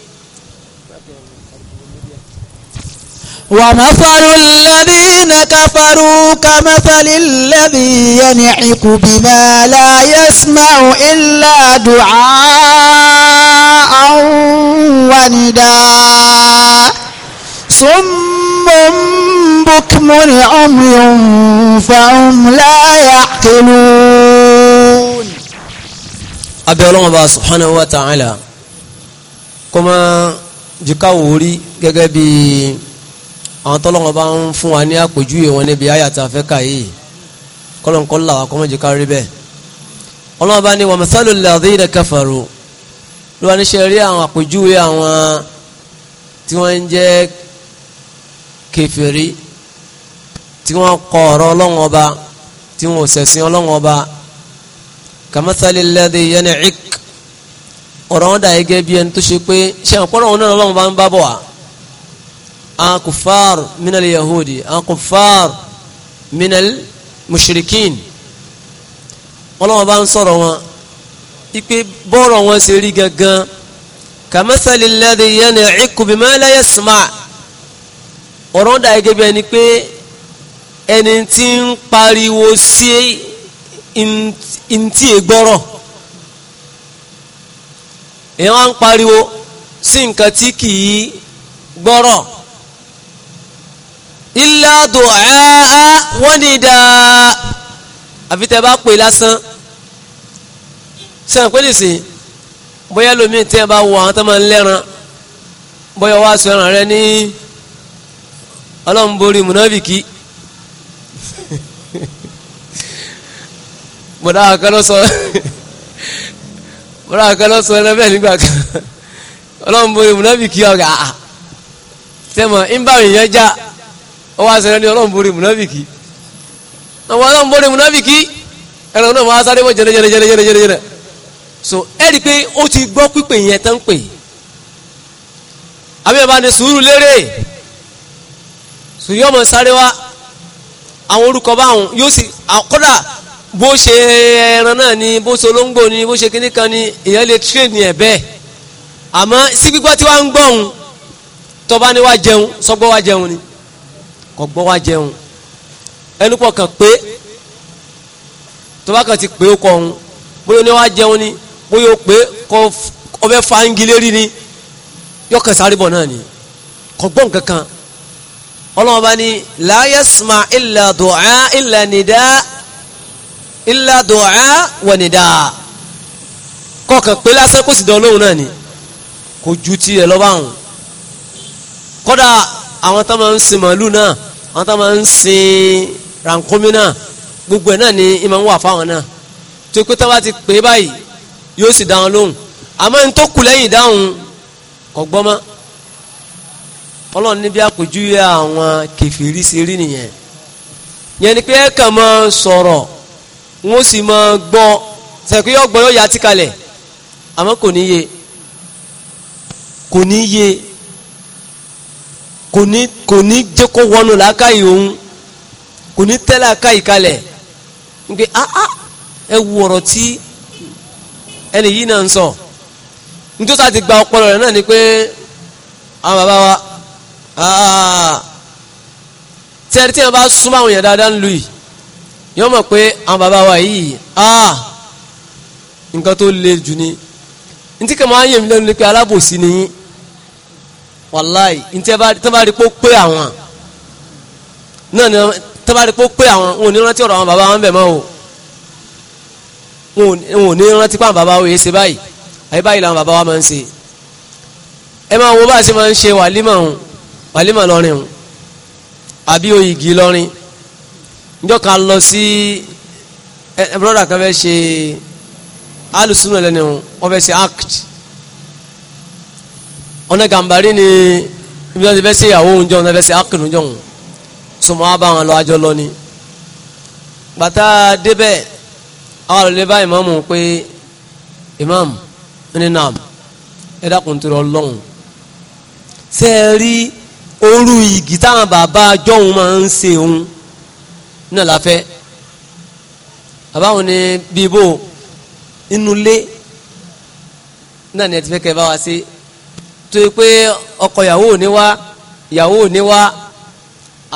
ومثل الذين كفروا كمثل الذي ينعق بما لا يسمع إلا دعاء ونداء صم بكم عمي فهم لا يعقلون أبي الله سبحانه وتعالى كما جكاوري gẹ́gẹ́ bíi àwọn tọ́lọ́wọ́n bá ń fún wa ní àpèjúwe wọn níbi àyàtà afẹ́kà yìí kọ́lọ́nkọ́ là wá kọ́mọ́jì kárí bẹ́ẹ̀ ọlọ́wọ́n bá ní wa mathalul ladhina kafaru ló wà ní ṣe rí àwọn àpèjúwe àwọn tí wọ́n ń jẹ́ kèfèrí tí wọ́n kọ̀ ọ̀rọ̀ ọlọ́wọ́n ọba tí wọ́n sẹ̀sìn ọlọ́wọ́n ọba kamathalil ladhi yan'ik ọ̀rọ̀ wọn dà gẹ́gẹ́ bí ẹni tó ṣe pé ṣé ọ̀pọ̀lọpọ̀ náà ọlọ́wọ́n bá ń bá bọ̀ wá àwọn kùfàr minal yahudi àwọn kùfàr minal mushrikin ọlọ́wọ́n bá ń sọ̀rọ̀ wọn ipe bọ́ọ̀rọ̀ wọn ṣe rí gangan kàmẹ́sàlì lẹ́dí yẹnì ìkùbí mẹ́lẹ́yẹ sùmà ọ̀rọ̀ dà gẹ́gẹ́ bí ẹni pé ẹni tí ń pariwo sí ntí ègbọ́rọ̀ èèyàn pariwo sí nǹkan tí kì í gbọ́rọ̀ ilá dùn áá wọ́n ní dáa àfi tẹ́ bá pè lásán sẹ́wọ̀n pé nìsín bóyá lómi tí ẹ bá wọ àwọn tó máa ń lẹ́ran bóyá wàá sọ ẹran rẹ ní ọlọ́run borí múnábìkì àkàlọ́ [LAUGHS] sọ [LAUGHS] bọ̀dá àkàlọ́ sọ ẹran bẹ́ẹ̀ nígbà kan [LAUGHS] ọlọ́run borí múnábìkì ọ̀gá tẹ́mọ̀ ń bá èèyàn já ọwọ́ àṣẹrẹ ni ọlọ́run borí mùnáfìkì àwọn ọlọ́run borí mùnáfìkì ẹran náà máa sáré bọ́ jẹrẹjẹrẹjẹrẹjẹrẹ so ẹ rí i pé ó ti gbọ́ pípé yẹn tán pè àbí ẹ̀bá ni sùúrù lérè sùúrù ọmọ sáré wá àwọn orúkọ báwọn yóò sì kódà bó ṣe ẹran náà ni bó ṣe olóńgbò ni bó ṣe kíní kan ni èèyàn lè tírèèdì ẹ̀ bẹ́ẹ̀ àmọ́ sí gbígbọ́ tí wàá ń gbọ́hùn tọ́ba ni wàá jẹun sọ́gbọ́ wàá jẹun ni kò gbọ́ wá jẹun ẹnu pọ̀ kàn pé tọ́ba kan ti pé ó kọ òun bóyá oní wá jẹun ni bóyá ó pé kọ́ ọbẹ̀ fáńgì lérí ni yọ kàn sáré náà ni kò gbọ́ ọlọ́wọ́n bá ní la yasma illa du'a illa nida illa du'a wa nida kọ̀ọ̀kan pé lásán kò sì dán lóhùn náà ni kò ju tiẹ̀ lọ́ba àwọn kọ́dà àwọn tó ń sin màálù náà àwọn tá a máa ń sin rankomi náà gbogbo ẹ̀ náà ni ìmọ̀ ń wà fáwọn náà tó pé táwa ti pè é báyìí yóò sì dá wọn lóhùn àmọ́ ní tó kù lẹ́yìn ìdáhùn kò gbọ́ mọ́ ọlọ́run níbi àpèjúwe àwọn kẹfìrí ṣe rí nìyẹn yẹn ni pé ẹ kàn máa sọ̀rọ̀ wọn ó sì máa gbọ́ sẹ̀kú yóò gbọ́ yóò yá tí kalẹ̀ àmọ́ kò ní yé kò ní yé kò ní kò ní jẹ́ kó wọnú làákàyè òun kò ní tẹ́ làákàyè kalẹ̀ nígbè áá ah, ah, ẹ wù ọ̀rọ̀ tí ẹni yìí náà ń sọ nítorí àti gba ọpọlọ rẹ náà ni pé àwọn bàbá wa ah, tẹ́rí tí wọ́n bá súnmọ́ àwọn èèyàn dáadáa ń lu yìí yọ́n mọ̀ pé àwọn bàbá wa yìí nǹkan tó le jù ni ní tí kẹ́ yẹ̀ mí lẹ́nu ni pé alábòsí ni yín wàláì tó bá rí pé ó pé àwọn náà ni tó bá rí pé ó pé àwọn wọn ò ní rántí ọ̀rọ̀ àwọn bàbá wọn bẹ̀ mọ́ o wọn ò ní rántí pé àwọn bàbá wọn yìí ṣe báyìí àyè báyìí làwọn bàbá wa máa ń ṣe ẹ máa wo bá a ṣe máa ń ṣe wàlímà òun wàlímà lọ́rin òun àbí oyìgì lọ́rin níjọ́ kan lọ sí ẹ brọ́dà kan fẹ́ ṣe alùsùnà lẹ́nu òun wọ́n fẹ́ ṣe act ọ̀nà gàmbàrí ni ibi tó ti fẹ́ ṣe ìyàwó oúnjẹ ọ̀nà fẹ́ ṣe ákìrì oúnjẹ òun sọmọ á bá wọn lọ àjọ lọ ni bàtà débẹ̀ àwọn àlọ́lẹ́ bá ìmáàmù pé ìmáàmù ní nàm ẹ dákun tó rọ lọ́hùn ṣe é ń ṣe òun náà láfẹ́ àbáwọn ni bíbó inú ilé náà ni ẹ ti fẹ́ tó yẹ pé ọkọ ìyàwó ò ní wá ìyàwó ò ní wá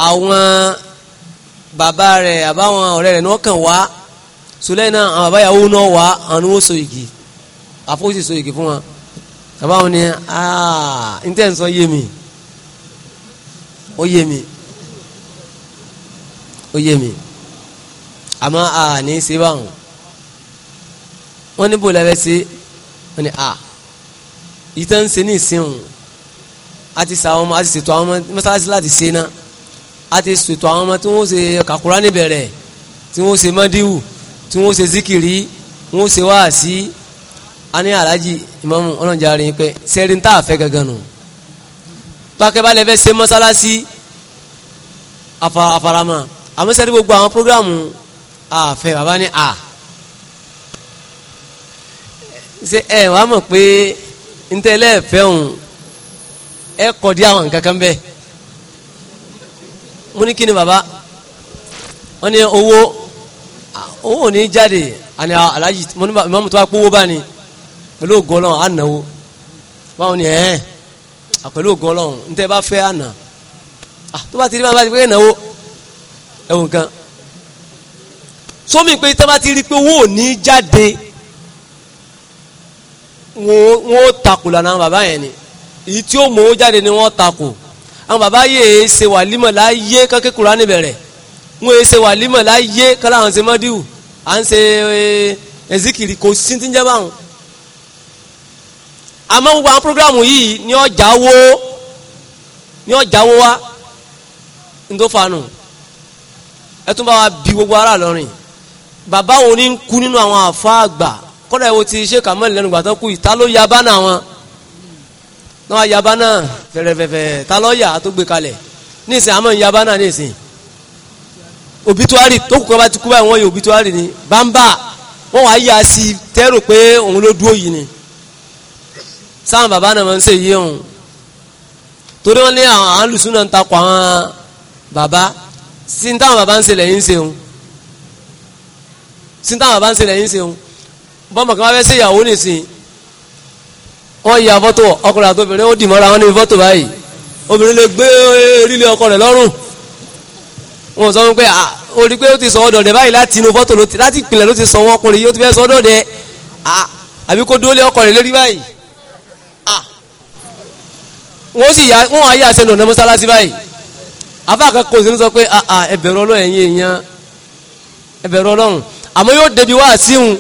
àwọn bàbá rẹ̀ àbáwọn ọ̀rẹ́ rẹ̀ ni wọ́n kàn wá sùlẹ̀ náà àwọn bàbá ìyàwó náà wá àwọn ni wọ́n so igi àfọwọ́sì so igi fún wa bàbá ni aaa n tẹ́ ń sọ yé mi ó yé mi ó yé mi àmọ́ a ní í ṣe báwọn wọ́n ní bò lẹ́fẹ̀ẹ́ sí wọ́n ní a. Ah yìí tó ń ṣe ní ìsìnwó a ti sàwọn ọmọ a ti ṣètò àwọn ọmọ mọ́sálásí láti ṣe náà a ti ṣètò àwọn ọmọ tí wọ́n ṣe kakura níbẹ̀rẹ̀ tí wọ́n ṣe mọ́díwù tí wọ́n ṣe zikiri wọ́n ṣe wáàsí a ní aláàjì ìmáàmù ọlọ́njà rẹ̀ pé sẹ́rin tá a fẹ́ gangan nù pàkẹ́ fẹ́ ṣe mọ́sálásí afarama àmọ́ sẹ́rin gbogbo àwọn prógrámù àfẹ́ bàbá ní a ṣe ẹ̀ wàá mọ̀ pé ntẹ́lẹ̀ fẹ́hùn ẹ kọ̀dí àwọn kankan bẹ́ẹ̀ mo ní kí ni bàbá wọ́n ní owó owó ò ní jáde àní aláàjì mo ní ìmọ̀mù tó wá pé owó bá ní pẹ̀lú ògùn ọlọ́run á nàwó báwọn ni ẹ̀ẹ́n àpẹ̀lú ògùn ọlọ́run ntẹ́ bá fẹ́ àná tó bá ti rí bá ti pé nàwó ẹ̀wọ̀n kan sómi pé tó bá ti rí pé owó ní jáde. wọn ó takò lànà àwọn baba yẹn ni èyí tí ó mọ ó jáde ni wọ́n takò àwọn bàbá yìí ṣe wàlímọ̀ láyé kankẹ́ Kùránì bẹ̀rẹ̀ wọn èyí ṣe wàlímọ̀ láyé kálá àwọn ṣe mọ́díwù à ń ṣe kò sí ti ń jẹ́ báwọn. àmọ́ gbogbo àwọn programu yìí ni ni wá ní tó ẹ tún bá wa bí gbogbo ara kọ́dà ìwò ti ṣe kàmọ́ ìlẹ́nu gbà kú yìí ló ya bánà wọn náà wá ya bánà fẹ̀rẹ̀fẹ̀fẹ̀ ta ló yà tó gbé kalẹ̀ níìsín àmọ́ ìyá bánà níìsín obituari tó kọ́ bá ti kú báyìí wọ́n yẹ obituari ni bámbà wọ́n wá yà sí tẹ́rù pé òun ló dúró yìí ni sáwọn bàbá náà máa ń ṣe yé òun torí wọn ní àwọn alùsùn náà ń takò àwọn bàbá sí táwọn bàbá ń ṣe lẹ́yìn ń sí táwọn bàbá ń ṣe lẹ́yìn ń bọ́mọ̀ kan wá fẹ́ ṣe ìyàwó nìsín wọ́n ya fọ́tò ọkùnrin àti obìnrin ó dì mọ́ra wọn níbi fọ́tò báyìí obìnrin lè gbé orílẹ̀ eh, ọkọ rẹ̀ lọ́rùn wọn sọ wọn pé ó ah, rí pé ó ti sọ ọdọ dẹ báyìí láti inú fọ́tò láti ìpìlẹ̀ ló ti sọ wọn ọkùnrin yìí ó ti fẹ́ sọ ọdọ dẹ ah, àbí kó dúró lé ọkọ rẹ̀ lórí báyìí ah. wọ́n sì yá wọ́n á yá sẹ́nu ọ̀nà báyìí afáàkà kò sí ní sọ pé ẹbẹ̀rù ọlọ́run ẹ̀yin èèyàn ẹbẹ̀rù ọlọ́run àmọ́ yóò débi wá síhun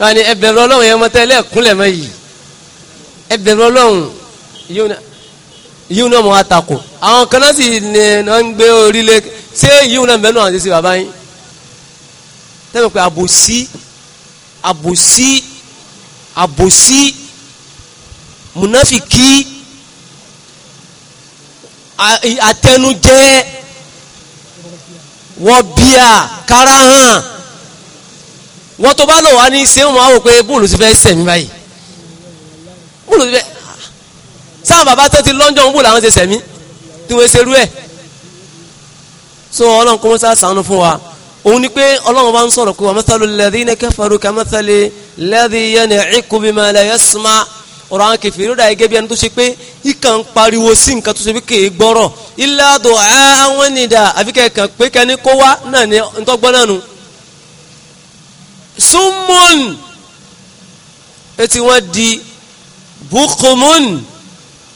wọn ni ẹbẹ̀rù ọlọ́run yẹn mọ́tẹ́ lẹ́ẹ̀kúnlẹ̀ mọ́ yìí ẹbẹ̀rù ọlọ́run yíwọn náà mọ́ àtakò àwọn kan náà sì ní wọ́n ń gbé orílẹ̀ ṣé yíwọn náà mẹ́nu àwọn àti sí bàbá yín tẹ́lẹ̀ pé àbòsí àbòsí àbòsí mùnáfìkì àtẹnujẹ wọ́bíà káráhàn wọ́n tó bá lò wá ní ṣé wọ́n á wò pé bóòlù ti fẹ́ sẹ̀mí báyìí bóòlù ti fẹ́ sáà bàbá tó ti lọ́njọ́ ń bóòlù àwọn ti sẹ̀mí tí wọ́n ṣerú ẹ̀ so ọlọ́run kó wọ́n sá sànú fún wa òun ni pé ọlọ́run bá ń sọ̀rọ̀ pé wa mathalu alladhina kafaru kamathali alladhi yan'iqu bima la yasma' ọ̀rọ̀ àwọn kẹfìrí rẹ̀ gẹ́gẹ́ bí ẹni tó ṣe pé ìkà ń pariwo sí nǹkan tó ṣe pé kèé gbọ́rọ̀ illa du'a àwọn nìdá àfikẹ́ kàn pé kẹ́ni kó wá náà ní ntọ́gbọ́n náà nù summun etí wọn di bukumun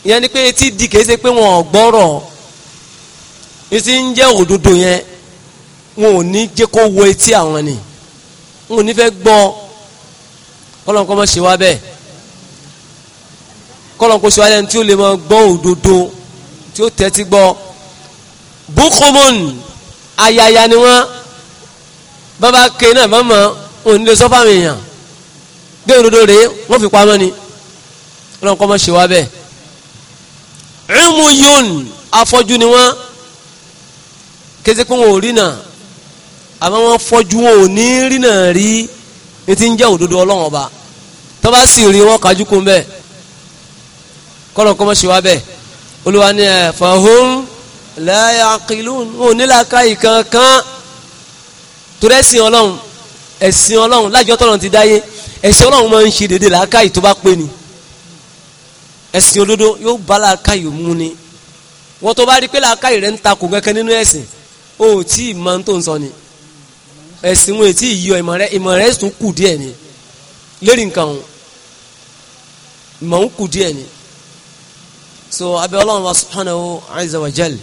yẹn ni pé etí di kìí ṣe pé wọn ò gbọ́rọ̀ etí ń jẹ́ òdodo yẹn wọn ò ní jẹ́ kó wo etí àwọn ni wọn ò ní fẹ́ gbọ́ kọ́lọ́n kọ́ mọ́ ṣe wá bẹ́ẹ̀ kọ́lọ́n kó tí ó lè mọ́ gbọ́ òdodo tí ó tẹ́tí gbọ́ bukumun ayaya ni wọn bàbá ke náà mọ́mọ́ òní lè sọ fáwọn èèyàn gé òdodo rèé wọ́n fi pamọ́ ni ọlọ́run kọ́ mọ́ ṣe wá bẹ́ẹ̀ ẹ̀mú yón afọ́jú ni wọ́n kése pé wọn ò rí náà àmọ́ wọ́n fọ́jú wọn ò ní rí náà rí ní ti ń jẹ́ òdodo ọlọ́run ọba tó bá sì rí wọn kájú kó ń bẹ́ẹ̀ kọ́lọ̀ kọ́ ṣe wá bẹ́ẹ̀ olúwa ni ẹ̀ fahum la yaqilun wọn ò nílà káyì kankan torí ẹ̀sìn ẹ̀sìn ọlọ́run lájọ́ tọ́lọ́run ti dáyé ẹ̀sìn ọlọ́run máa ń ṣe dédé làákàyè tó bá pé ni ẹ̀sìn òdodo yóò bá làákàyè mú ni wọ́n tó bá rí pé làákàyè rẹ̀ ń ta kò kankan nínú ẹ̀sìn o tí ì máa ń tó ń sọ ni ẹ̀sìn wọn ètí ìyọ ìmọ̀ rẹ ìmọ̀ rẹ tún kù díẹ̀ ni lérí nǹkan o ìmọ̀ ń kù díẹ̀ ni so abẹ́ ọlọ́run wa subhanahu azza wa jal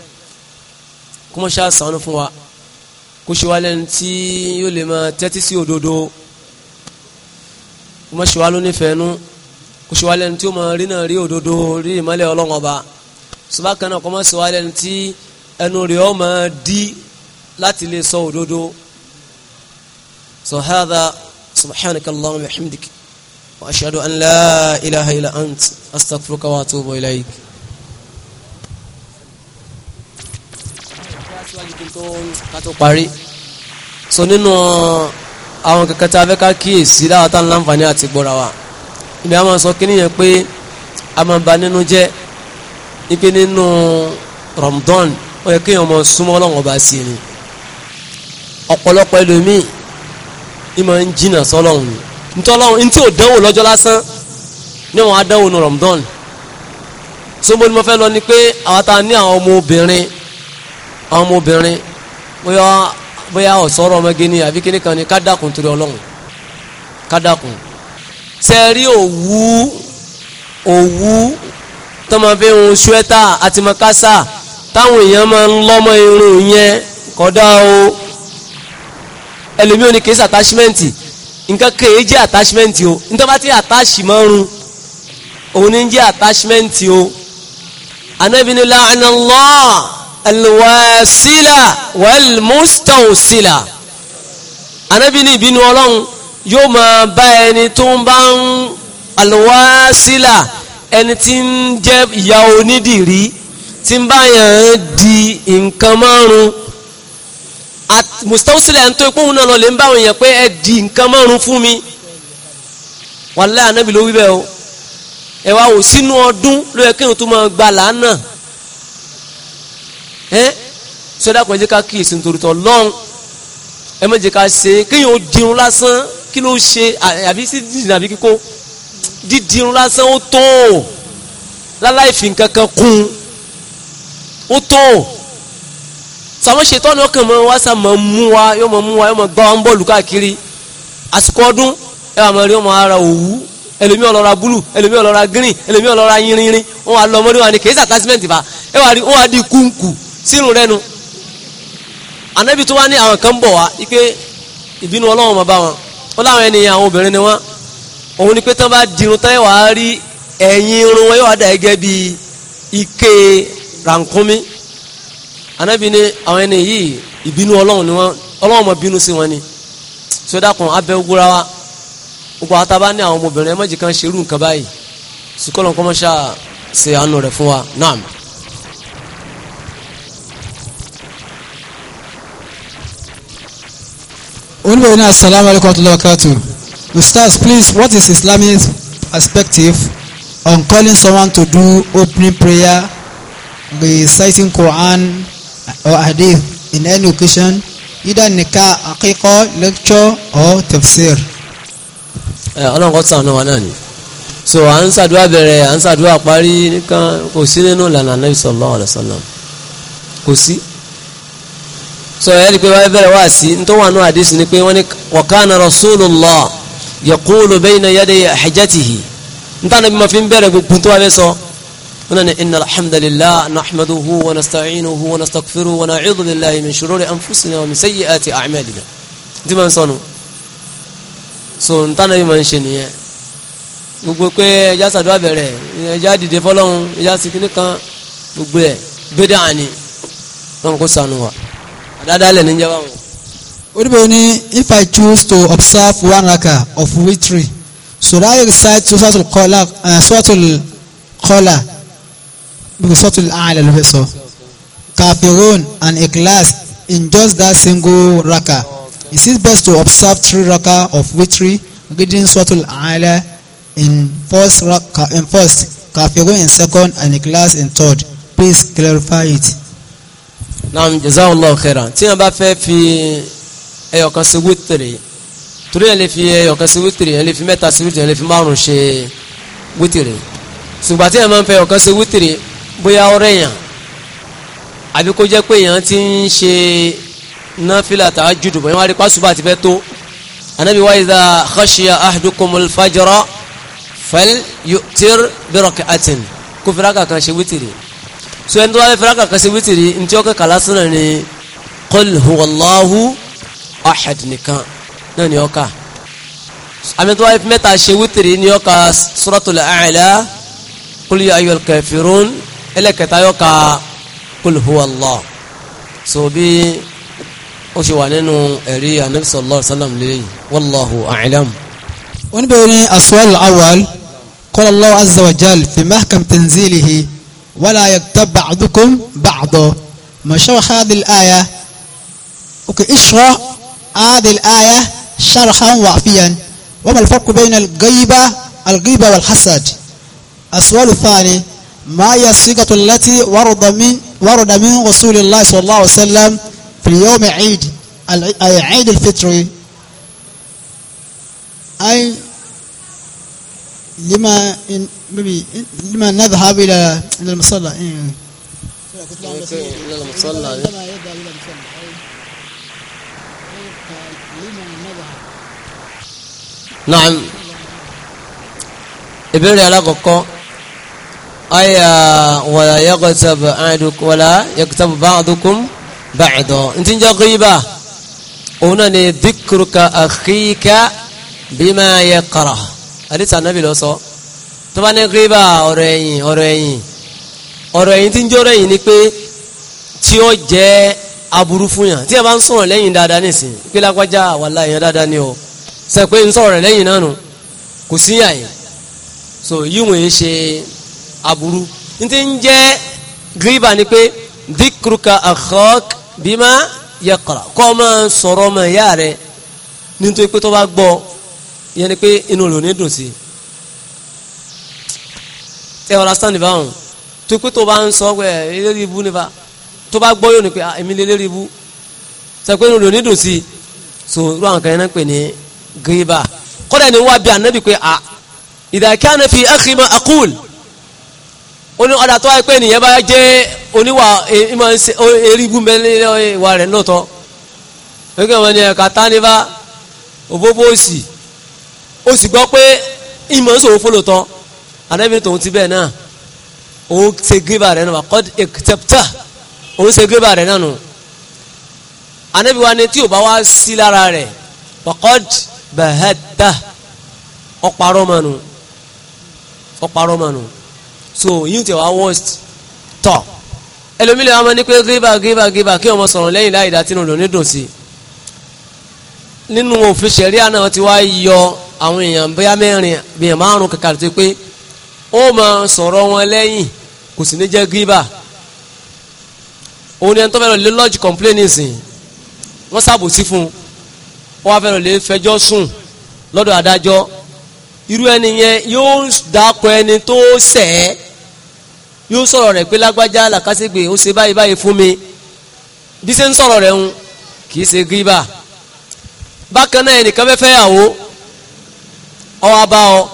kọ́mọ́ṣá sànú fún wa kó ṣe wá lẹ́nu tí yóò lè máa tẹ́tí sí òdodo kó má ṣe wá ló nífẹ̀ẹ́ nú kó ṣe wá lẹ́nu tí ó máa rí náà rí òdodo rí ìmọ́lẹ̀ ọlọ́run ọba ṣùgbọ́n kan ẹnu rẹ̀ ó máa dí láti lè sọ òdodo sọ hádà subhanaka allahumma wa hamdik an la ilaha illa ant astaghfiruka wa atubu ilayk. síwájú kí n tó ká tó parí so nínú uh, àwọn kankan tí a fẹ́ ká kíyèsí láwọn tá láǹfààní àti gbọ́ra wa ibi a máa sọ kí nìyẹn pé a máa ba nínú jẹ́ ipe nínú Ramadan ó yẹ kéèyàn máa súnmọ́ Ọlọ́run ọba sí ni ọ̀pọ̀lọpọ̀ ẹlòmíì ni máa ń jìnnà sọ́lọ́run ni ntọ́lọ́run ntí ò dánwò lọ́jọ́ lásán ní wọn á dánwò ní Ramadan so mo ní mo fẹ́ lọ ni pé àwọn ta ní àwọn ọmọ obìnrin àwọn ọmọbìnrin bóyá bóyá ọ̀sọ́rọ̀ ọmọge ni àbí kíní kan ni ká dákun torí ọlọ́run ká dákun sẹ́ẹ̀rí òwú òwú tọmọ fi ń ṣúẹ́tà àti mọ́kásá táwọn èèyàn máa ń lọ́mọ irun yẹn kọ́dá o ẹlòmíì ò ní kì í ṣe attachment nǹkan kèé jẹ́ attachment o nítorí bá ti attach mọ́run òun ní jẹ́ attachment o anábìnrin la'anallah alwasila walmustawsila anábì ní ìbínú ọlọ́run yóò máa bá ẹni tó ń bá ń alwasila ẹni tí ń jẹ́ ìyá onídìrí tí ń bá yàn di nǹkan márùn mustawsila ẹni tó ikú náà lọ lè ń bá wọn yàn pé ẹ di nǹkan márùn fún mi wàlẹ́ anábì ló wí bẹ́ẹ̀ o ẹ wá wò sínú ọdún ló yẹ kéèyàn tó máa gba làánà ẹ́ sọ́dá kan jẹ́ ká kí èsì nítorí tọ́ lọ́n ẹ má jẹ́ ká ṣe kéèyàn ó dirun lásán kí ló ṣe àbí sí dídìn àbí kíkó dídirun lásán ó tó láláì fi nǹkan kan kún ó tó sọmọ ṣètọ́ ni ọkàn mọ́ wá sá mọ́ mú wa yóò mọ́ mú wa yóò mọ́ gbá wa ń bọ̀lù káàkiri àsìkò ọdún ẹ wà mọ́ rí ọmọ ara òwú ẹlòmí ọlọ́ra búlù ẹlòmí ọlọ́ra green ẹlòmí ọlọ́ra yinrin wọn wà lọ ọmọdé wọn ni kèésà tásímẹ́ǹtì bá ẹ wà rí wọn wà di kúńkù sírun rẹ nu anabi tó wá ní àwọn kan bọ̀ wá ipe ìbínú ọlọ́run máa bá wọn ó láwọn ènìyàn àwọn obìnrin ni wọn òun ni pé tán bá dirun tán yóò wá rí ẹ̀yìn irun wọn yóò wá dà gẹ́gẹ́ bí ike rànkúnmí anabi ni àwọn ẹni yìí ìbínú ọlọ́run ni wọn ọlọ́run máa bínú sí wọn ni sódàkùn abẹ́ wúra wa gbogbo àwọn tábà ní àwọn ọmọbìnrin ẹ má jì kan ṣerú nǹkan báyìí sùkọ́lọ̀ kọ́mọ́ṣà ṣe àánú rẹ̀ fún wa náà. olùwẹ̀ ní asalaamu alaykum wa rahmatulahi ustaz please what is islamic perspective on calling someone to do opening prayer reciting quran or hadith in any occasion either nikah akíkọ́ lecture or tafsir. ẹ eh, ọlọ́run kọ́ sànù wa náà ni so à ń ṣàdúrà bẹ̀rẹ̀ à ń ṣàdúrà parí nìkan kò sí nínú ìlànà anabi sallallahu alaihi wasallam kò sí so ẹ̀rí pé wáyé bẹ̀rẹ̀ wá sí ní tó wà nù àdìsí ni pé wọ́n ní wa kana rasulullah yaqulu bayna yaday hajatihi níta nàbí ma fi ń bẹ̀rẹ̀ gbogbo tó wà bẹ́ sọ wọ́n ní inna alhamdulillah nahmaduhu wa nasta'inuhu wa nastaghfiruhu wa na'udhu billahi min shururi anfusina wa min sayyiati a'malina tí ma ń so níta nàbí ma ń ṣe gbogbo pé ẹja sàdúrà bẹ̀rẹ̀ ẹja dìde fọlọ́run ẹja sikini kan gbogbo ẹ̀ gbẹdẹ àní wọn kò sànù wa àdádálẹ̀ ní jẹ́wọ́ àwọn. oríbẹ̀ ni if i choose to observe one raka of witri should i recite suratul kola uh, suratul kola because suratul aala ló fẹ́ sọ kafirun and ikhlas in just that single raka is it best to observe three raka of witri reading suratul aala in first raka in first kafirun in second and ikhlas in third please clarify it naam jazakallahu khairan tí wọn bá fẹ́ fi ẹyọkan sí wítìrì torí ẹ lè fi ẹyọkan sí wítìrì ẹ lè fi mẹ́ta sí wítìrì ẹ lè fi márùn ṣe wítìrì ṣùgbọ́n tí wọn máa ń fẹ́ ẹyọkan sí wítìrì bóyá ọrẹ yàn àbí kó jẹ́ pé èèyàn ti ń ṣe náfìlà tahajjud bóyá wọn á rí pásùbà ti fẹ́ tó anabi wa idha khashiya ahdukumul fajra fal yu'tir bi rak'atin kófìrà kankan ṣe wítìrì so ẹni tó wá fẹ́ fẹ́ rákà kan sí wítìrì ní tí ó kẹ́kà lásán náà ni qul huwallahu ahad nìkan náà ni ó kà àmì tó wá fẹ́ mẹ́ta ṣe wítìrì ni ó kà suratul a'la qul ya ayyuhal kafirun ẹlẹ́kẹta yó kà qul huwallahu so bí ó ṣe wà nínú ẹ̀rí anabi sallallahu alayhi wa sallam lẹ́yìn wallahu a'lam. wọ́n bẹ̀rẹ̀ as-su'al al-awwal qala fi mahkam tanzilihi. ولا يكتب بعضكم بعضا ما شرح هذه الآية أوكي اشرح هذه الآية شرحا وعفيا وما الفرق بين الغيبة الغيبة والحسد السؤال الثاني ما هي الصيغة التي ورد من ورد من رسول الله صلى الله عليه وسلم في يوم عيد عيد الفطر أي لما إن ببي لما نذهب إلى إلى المصلى إيه. إيه. إيه. إيه. إيه. إلى المصلى. لما يذهب إلى المصلى. نعم إبري على أي آه، ولا يغتب أعدك ولا يكتب بعضكم بعضا أنت غيبة هنا ذكرك أخيك بما يقرأ àdìsí ànábì lọ sọ tó bá ní gíríbà ọ̀rọ̀ ẹ̀yìn ọ̀rọ̀ ẹ̀yìn ọ̀rọ̀ ẹ̀yìn tí ń jọ́rọ̀ ẹ̀yìn ni pé tí ó jẹ́ aburú fún yàn tí ẹ bá ń sọ̀rọ̀ lẹ́yìn dáadáa nísìn pé lágbájá wàlá èèyàn dáadáa ni o sẹ pé ń sọ̀rọ̀ lẹ́yìn náà nù kò sí àyè so yíwọ̀n yìí ṣe aburú n ti ń jẹ́ gíríbà ni pé dikruka akhok bima yaqra kọ́ máa sọ̀rọ̀ ọmọ ìyá rẹ nítorí pé tó bá gbọ́ ìyẹn ni pé inú rẹ̀ ò ní dùn sí i ẹ ọ̀rọ̀ stand báwọn tó pé tó bá ń sọ pé eléré ibú nípa tó bá gbọ́ yóò ní pé ah, èmi lè eléré ibú sọ pé inú rẹ̀ ní dùn sí i so irú àwọn kan yẹn náà pè ní gíríbà kọ́dà ni wọ́n á bí ànábì pé a ìdàkẹ́ àná fi akhi ma aqul ó ní ọ̀dà tó wáyé pé nìyẹn bá jẹ́ oníwà e, e, erigun mẹ́lẹ́ ìwà rẹ̀ lọ́tọ̀ lókè wọn ni ẹ̀ka tánífà òbóbó òsì ó sì gbọ́ pé ìmọ̀ ń sòwò fólò tán anábì tòun ti bẹ́ẹ̀ náà òun ṣe gébà rẹ̀ náà kọ́d ẹ̀kẹ́tẹ́pútà òun ṣe gébà rẹ̀ náà nù anábì wa ni tí ò bá wá sí lára rẹ̀ kọ́d bẹ̀hẹ́tà ọ̀parọ́ mọ̀ nù ọ̀parọ́ mọ̀ nù so yín tẹ̀ wá worst tọ̀ ẹlòmílẹ̀ wa máa ní pé gébà gébà gébà kí ọmọ sọ̀rọ̀ lẹ́yìn láì dá tínú lò ní dòsí nínú òfin ṣẹ̀ríà náà ti wá yọ àwọn èèyàn bóyá mẹ́rin bíyàn márùn kàkà tó pé ó máa sọ̀rọ̀ wọn lẹ́yìn kò sì ní jẹ́ gíbà òun ni ẹni tó fẹ́ràn lé lọ́ọ̀jì kọ̀m̀pléènì sìn wọ́n ṣàbòsí fún un ó wá fẹ́ràn lé fẹjọ́ sùn lọ́dọ̀ adájọ́ irú ẹni yẹn yóò dákọ ẹni tó ṣẹ̀ ẹ́ yóò sọ̀rọ̀ rẹ̀ pé lágbájá làkàṣègbè ó ṣe báyìí báyìí fún mi bí ṣe ń sọ̀rọ̀ rẹ̀ ń kì í ṣe gíbà bákan náà ẹnìkan fẹ́ fẹ́ yàwó ọwọ́ bá ọ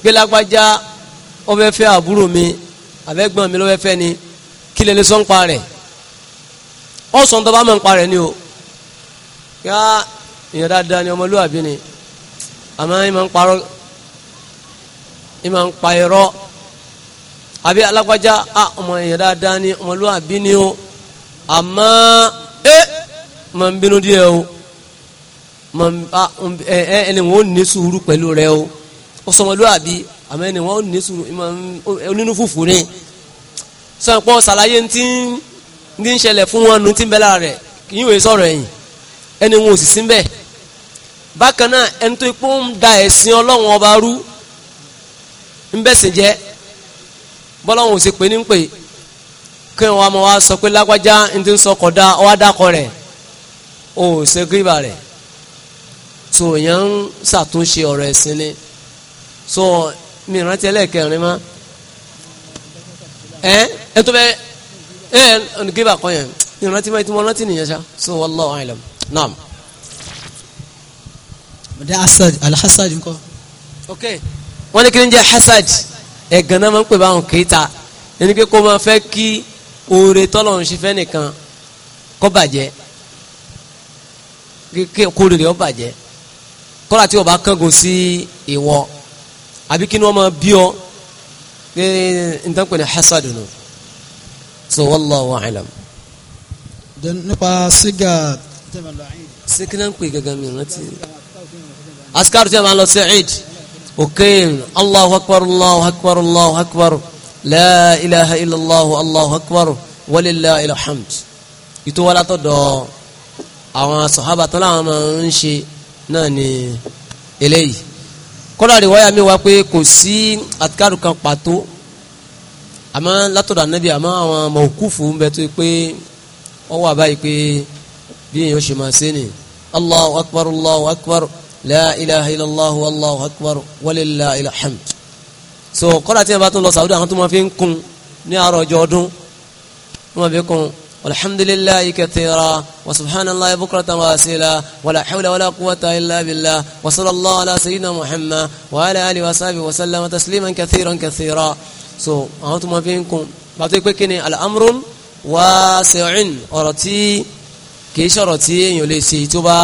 gbélágbájá ó fẹ́ fẹ́ àbúrò mi àbẹ́gbọ́n mi ló fẹ́ fẹ́ ni kí lè lè sọ ń pa rẹ̀ ọ sọ ń tọ́ bá mọ̀ ń pa rẹ̀ ni o yá èèyàn dáadáa ni ọmọlúwàbí ni àmọ́ ẹ máa ń parọ́ ẹ ń pa irọ́ àbí alágbájá a ọmọ èèyàn dáadáa ni ọmọlúwàbí ni o àmọ́ ẹ máa ń bínú díẹ̀ o ẹni wọn ò ní sùúrù pẹ̀lú rẹ o ọsọmọlúwàbí àmọ́ ẹni wọn ò ní sùúrù onínú fùfú ni sọ̀pọ̀ sàlàyé ti ń ṣẹlẹ̀ fún wọn nu ti ń bẹ́ lára rẹ̀ kì í wòye sọ̀rọ̀ ẹ̀yìn ẹni wọn ò sì sí ń bẹ́ẹ̀ bákan náà ẹni tó ipò ń da ẹ̀sìn ọlọ́run ọba rú ń bẹ̀sìn jẹ́ bọ́lọ́run ò sì pé ní ń pè kí wọn wá sọ pé lágbájá ń ti ń sọ kọ̀dá ọwádàkọ rẹ̀ ò ṣe gíríbà rẹ̀ so èèyàn ń ṣàtúnṣe ọ̀rọ̀ ẹ̀sìn ni so mi rántí ẹlẹ́ẹ̀kẹrin ma ẹ ẹ tó bẹ ẹ ẹ gébà kan yẹn mi rántí mọ́ ìtumọ̀ rántí nìyẹn ṣá so wallahu a'lam naam. ọ̀dẹ́ hasad alhassad ńkọ́. ok wọ́n ní kí ni jẹ́ hasad ẹ̀gàn náà máa ń pè báwọn kéta ẹni pé kó máa fẹ́ kí oore tọ́lọ́run ṣe fẹ́ nìkan kó bàjẹ́ kó rèrè ó bàjẹ́ kọ́ra tí o bá kángun sí ìwọ àbí kí ni wọ́n máa bí ọ pé nǹkan ní hasad nù so wallahu a'lam. nípa sígà sígà ń pè gẹ́gẹ́ mi rántí. askaru tí a máa lọ sí eid okéyìn allahu akbar allahu akbar allahu akbar la ilaha illallah allahu akbar walillahi alhamd ìtò wàlátọ̀ dọ̀ àwọn sahaba tó láwọn máa ń ṣe náà ni eléyìí kọ́lá riwaya mi wá pé kò sí àtikárù kan pàtó àmọ́ látọ̀dọ̀ ànábì àmọ́ àwọn mọ̀ọ́kùfù ń bẹ tó pé wọ́n wà báyìí pé bí èèyàn ṣe máa ṣe ni allahu akbar allahu akbar la ilaha illallah allahu akbar walillahil hamd so kọ́lá tí wọ́n bá tún lọ sàwùdí àwọn tó máa fi ń kun ní àárọ̀ ọjọ́ ọdún wọ́n máa fi kun والحمد لله كثيرا وسبحان الله بكرة واسلا ولا حول ولا قوة إلا بالله وصلى الله على سيدنا محمد وعلى آله وصحبه وسلم تسليما كثيرا كثيرا so àwọn tó máa fi ń kun pàtó pé kí ni al'amrun wasi'un ọ̀rọ̀ tí kìí ṣọ̀rọ̀ tí èèyàn lè ṣe tó bá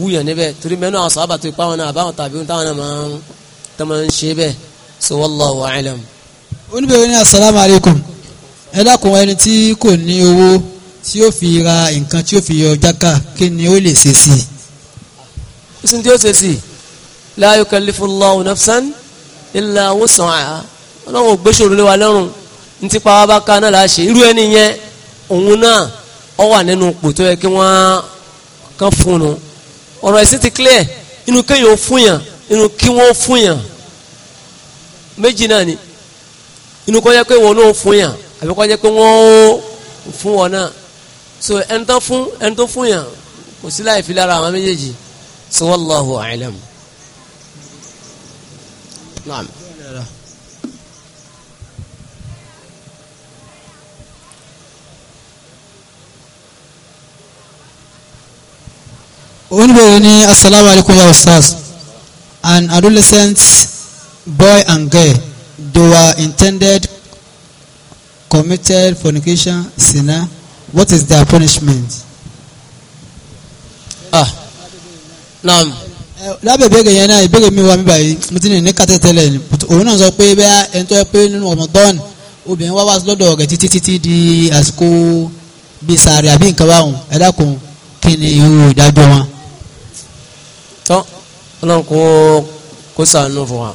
wúyàn níbẹ̀ torí mẹ́nu àwọn sábà tó ipá wọn náà àbáwọn tàbí ohun táwọn náà máa ń tọ́ máa ń ṣe bẹ́ẹ̀ so wallahu a'lam. oníbẹ̀rẹ̀ ní asalaamualeykum ẹ dákun ẹni tí kò ní owó tí ó fi ra nǹkan tí ó fi yọ jáká kí ni ó lè ṣe sí sísun tí ó ṣe sí i la yukallifullahu nafsan illa wus'aha ọlọ́run ògbésòrò lé wa lọ́rùn ní ti pa wá bá ká náà la ṣe irú ẹni yẹn òun náà ọ wà nínú ipò tó yẹ kí wọ́n kàn fún un ọ̀rọ̀ ẹ̀sìn ti clear inú kéèyàn ó fún yàn inú kí wọ́n fún yàn méjì náà ni inú kọ́ yẹ pé wọn náà fún yàn àbí kọ́ jẹ́ pé wọ́n ó fún ọ náà so ẹni tó fún ẹni tó fún yàn kò sí láì fi lára àwọn méjèèjì so wallahu oníbẹ̀rẹ̀ ní asalaamu alaykum ya ustaz an adolescent boy and girl they were intended committed fornication, sinner, what is their punishment? Ah, naam. Eh, lábẹ́ ìbéèrè yẹn náà ìbéèrè mi wá mi báyìí mo ti ní ní kàtẹ́ tẹ́lẹ̀ ni òun náà sọ pé bẹ́ẹ̀ ẹni tó yẹ pé nínú Ramadan obìnrin wá wá lọ́dọ̀ rẹ̀ títí títí di àsìkò bíi sàárè àbí nǹkan báwọn ẹ dákun kí ni irú ìdájọ́ wọn. tán ọlọ́run kò kó fún wa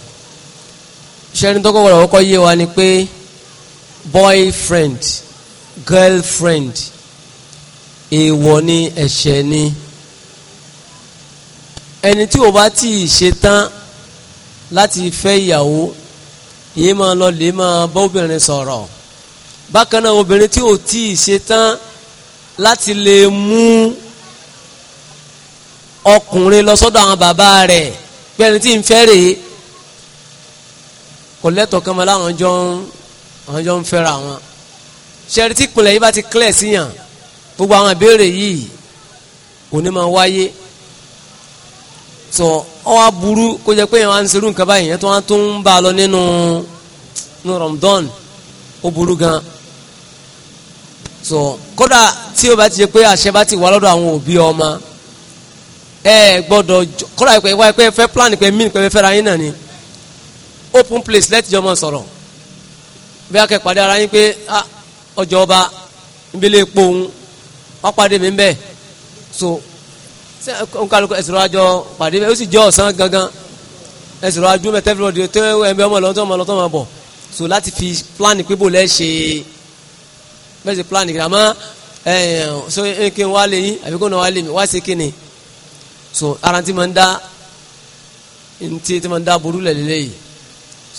ṣẹ́ni tó wọ̀rọ̀ kọ́ yé wa ni pé boyfriend girlfriend èèwọ̀ ni ẹ̀ṣẹ̀ ni ẹni tí o bá tí ì ṣe tán láti fẹ́ ìyàwó yìí máa lọ lè máa bá obìnrin sọ̀rọ̀ bákan náà obìnrin tí o tí ì ṣe tán láti lè mú ọkùnrin lọ sọ́dọ̀ àwọn bàbá rẹ̀ pé ẹni tí ń fẹ́ rèé kò lẹ́tọ̀ọ́ kan mọ́ láwọn jọ ń àwọn jọ ń fẹ́ra wọn ṣẹ́rí tí ìpìlẹ̀ yìí bá ti clear síyàn gbogbo àwọn ìbéèrè yìí òní máa wáyé sọ ọwọ́ aburú kó jẹ́ pé ìwọ̀n ànsẹ́rù nǹkan báyìí yẹn tó wọ́n tó ń bá a lọ nínú nínú Ramadan ó burú gan sọ kódà tí o bá ti jẹ́ pé àṣẹ bá ti wà lọ́dọ̀ àwọn òbí ọmọ ẹ gbọ́dọ̀ kódà ìpè wáyé pé fẹ́ plan pé mí pé fẹ́ ra yín náà ni open place lẹ́tìjọ́ mọ́ sọ̀rọ̀ bí akẹ́ pàdé ara yín pé ah, ọjọ́ ọba nbílẹ̀ epo òun wọ́n pàdé mi bẹ́ẹ̀ so nkàlùkù ẹ̀sìrò àjọ pàdé bẹ́ẹ̀ ó sì jẹ́ ọ̀sán gangan ẹ̀sìrò àjọ mẹ́tẹ́ fi lọ́dẹ tẹ́ ẹ̀mí ọmọ lọ́tọ́ ọmọ lọ́tọ́ máa bọ̀ so láti fi plan pé bò lẹ́ ṣe bẹ́ẹ̀ ṣe plan kìlá mọ́ ẹ̀yìn so kí n wá lè yín àbí kó n wá lè mi wá sí kí so ara ti máa ń dá ntí ti máa ń dá burú lẹ̀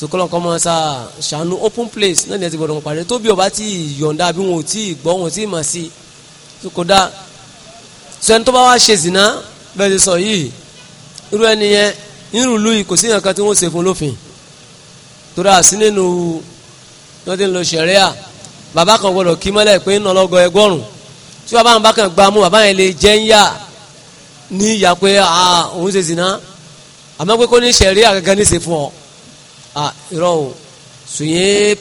sokolo kọmọ sa ṣàánú open place náà ní ẹ ti gbọ́dọ̀ pàdé tó bí ọba tí yọ̀ǹda bí wọn ò tí ì gbọ́ wọn ò tí ì mà sí i kò dáa sọ tó bá wá ṣe zìnà bẹ́ẹ̀ ti sọ yìí irú ẹni yẹn nínú ìlú yìí kò sí nǹkan tí wọ́n ṣe fún lófin torí àsí nínú wọ́n ti ń lo sẹ̀ríà bàbá kan gbọ́dọ̀ kí mọ́lẹ̀ pé ń nọlọ́gọ ẹgọ́rùn tí bàbá àwọn bákan gba mú bàbá yẹn lè jẹ́ ń yà ní ìyà pé òun ṣe zìnà àmọ́ pé kó ní sẹ̀ríà gẹ́gẹ́ ní ṣe fún ọ ah irọ́ o sùnyẹ́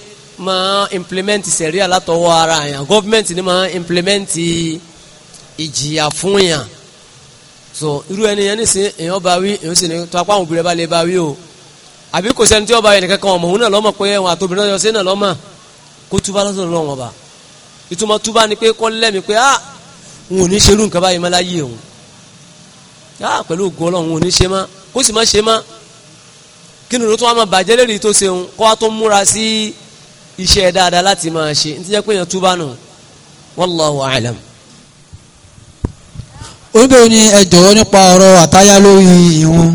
máa implement sẹ̀ríà látọwọ́ ara yàn gọ́fìmẹ̀ntì ni máa implement ìjìyà fún yàn so irú ẹni yẹn nísìn èèyàn bá wí èèyàn sì ní tó apá àwọn obìnrin bá lè bá wí o àbí kò sẹ́ni tí wọ́n bá yẹn nìkan kan ọmọ òun náà lọ́mọ pé ẹ̀wọ̀n àtòbìnrin náà yọ sí náà lọ́mọ kó túbá lọ́sọ̀rọ̀ lọ́wọ́n ọba ìtumọ̀ túbá ni pé kọ́ lẹ́mi pé ah n ò ní ṣerú nǹkan báyìí mọ́ láyé òun ah pẹ̀lú ògùn ọlọ́run ò ní ṣe má kó sì má ṣe má kí nìyó tó wá máa bàjẹ́ lérí tó ṣeun kó wá tó múra sí iṣẹ́ dáadáa láti máa ṣe ní ti jẹ́ pé èèyàn túbá nù wallahu a'lam. oníbẹ̀rẹ̀ ni ẹ jọ̀wọ́ nípa ọ̀rọ̀ àtáyá lórí ìrun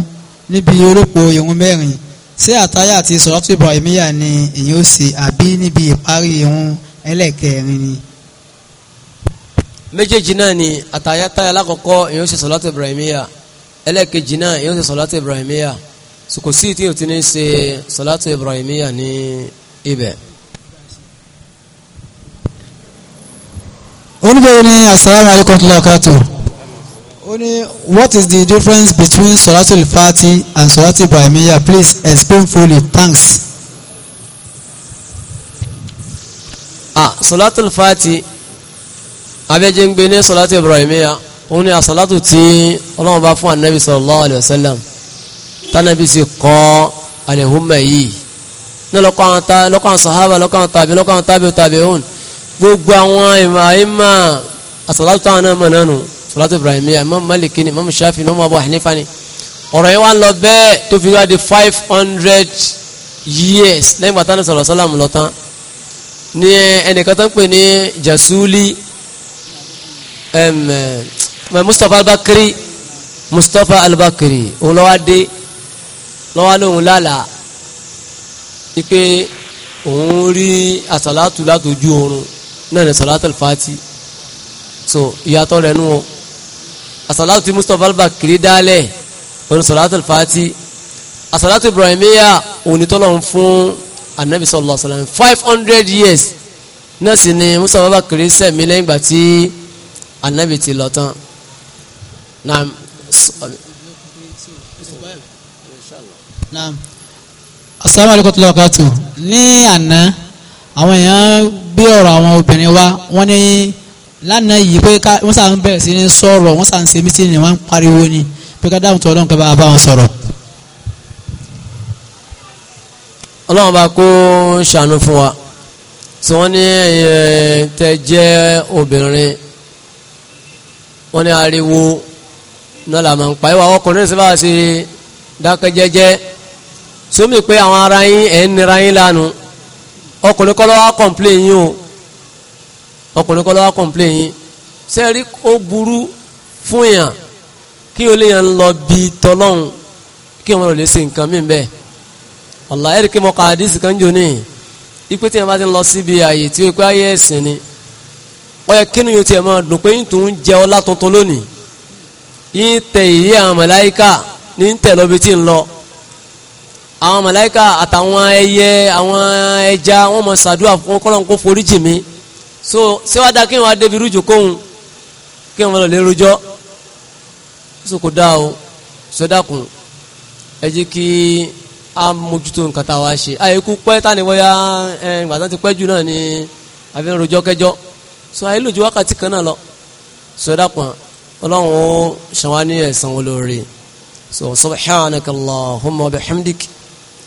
níbi orúkọ ìrun mẹ́rin ṣé àtáyá àti sọ̀rọ̀tù ibrahimiya ni èyí ó ṣe àbí níbi ìparí ìrun ẹlẹ́kẹrin ni. méjèèjì náà ni àtáyá táyà lákọ̀ọ́kọ́ èyí ó ṣe sọ̀rọ̀tù ibrahimiya ẹlẹ́kejì náà èyí ó ṣe sọ̀rọ̀tù ibrahimiya sùkò sí tí o ti ní ṣe salatu ibrahimiya ní ibẹ̀. oníbẹ̀rẹ̀ ni asalaamu alaykum wa rahmatulahi ó ní what is the difference between salatul fati and salatul ibrahimiya please explain fully thanks. ah salatul fati abẹ́jẹ́ ń gbé ní salatul ibrahimiya ó ní asalatu ti ọlọ́run bá fún anabi sallallahu alayhi wa sallam tánàbí sì kọ́ àlẹ́hùnmẹ̀ yìí ní lọ́kọ́ àwọn sàhábà lọ́kọ́ àwọn tàbí lọ́kọ́ àwọn tàbí tàbí òun gbogbo àwọn ìmọ̀ àsàlátù táwọn náà mọ̀ náà nù sàlátù ibrahimiya imam maliki ni imam shafi ni imam abu hanifa ni ọ̀rọ̀ yẹn wá ń lọ bẹ́ẹ̀ tó di five hundred years lẹ́yìn bàtà ní sọ̀rọ̀ sọ́làmù lọ́tán ní ẹnìkan tó ń pè ní jasuli eh, mustapha albakiri mustapha albakiri òun lọ́wọ́ lọ́wọ́ lóhun lálàá wípé òun rí àsàlátù látòjú oorun náà ní sàlátù alfati so ìyàtọ̀ rẹ̀ nù wọn àsàlátù tí mustapha albakiri dálẹ̀ òun sàlátù alfati asalatu ibrahimiya onítọ́lọ̀ ń fún anabi sallallahu alaihi wasallam five hundred years náà sì ni mustapha albakiri sẹ̀mí lẹ́yìn ìgbà tí anabi ti lọ tán naam naam asalaamu alaykum wa rahmatulahi ní àná àwọn èèyàn bí ọ̀rọ̀ àwọn obìnrin wa wọ́n ní lánàá yìí pé wọ́n sàn bẹ̀rẹ̀ sí ní sọ̀rọ̀ wọ́n sàn ṣe mítí ni wọ́n ń pariwo ni pé ká dáhùn tó ọlọ́run kẹ́ bá bá wọn sọ̀rọ̀. ọlọ́run bá kó ṣàánú fún wa tí wọ́n ní tẹ jẹ́ obìnrin wọ́n ní ariwo náà làmọ̀ ń pa ìwà ọkùnrin sì bá ṣe dákẹ́ sómi pé àwọn ara yín ẹ̀ ń nira yín lánàá ọkùnrin kọ́ ló wá complain. yín o ọkùnrin kọ́ ló wá kọ̀ǹplé yín sẹ́ẹ̀rí ó burú fún yàn kí o yàn lọ bí tọ́lọ́hún kí wọn lè ṣe nǹkan mí bẹ́ẹ̀ ọ̀la ẹ̀rí kí mo ka àdìsí kan jò ní ipe tí wọn bá ti lọ síbi ààyè tí o pé ayé ẹ̀sìn ni ó yẹ kínú yóò tiẹ̀ máa dùn pé yín tó ń jẹ ọlá tuntun lónìí yín tẹ ìyé àwọn màláíkà ní tẹ̀ lọ́bi tí ń lọ àwọn màláíkà àtàwọn ẹyẹ àwọn ẹja wọ́n mọ̀ sàdúrà fún kọ́lọ́n kó forí jì mí so síwádà kí wọ́n á débi rújò kóhun kí wọ́n lọ lè rojọ́ so kò dáa o sọdákun ẹ jẹ́ kí a mójútó nǹkan tá a wá ṣe àyíkú pẹ́ tani wọ́yá ẹ̀ ìgbà tán ti pẹ́ jù náà ni àfi ń rojọ́ kẹjọ́ so àyè lòjú wákàtí kan náà lọ sọdákun ọlọ́run ó ṣàwọn ní ẹ̀sán olóore so subhanakallahumma wa bihamdik.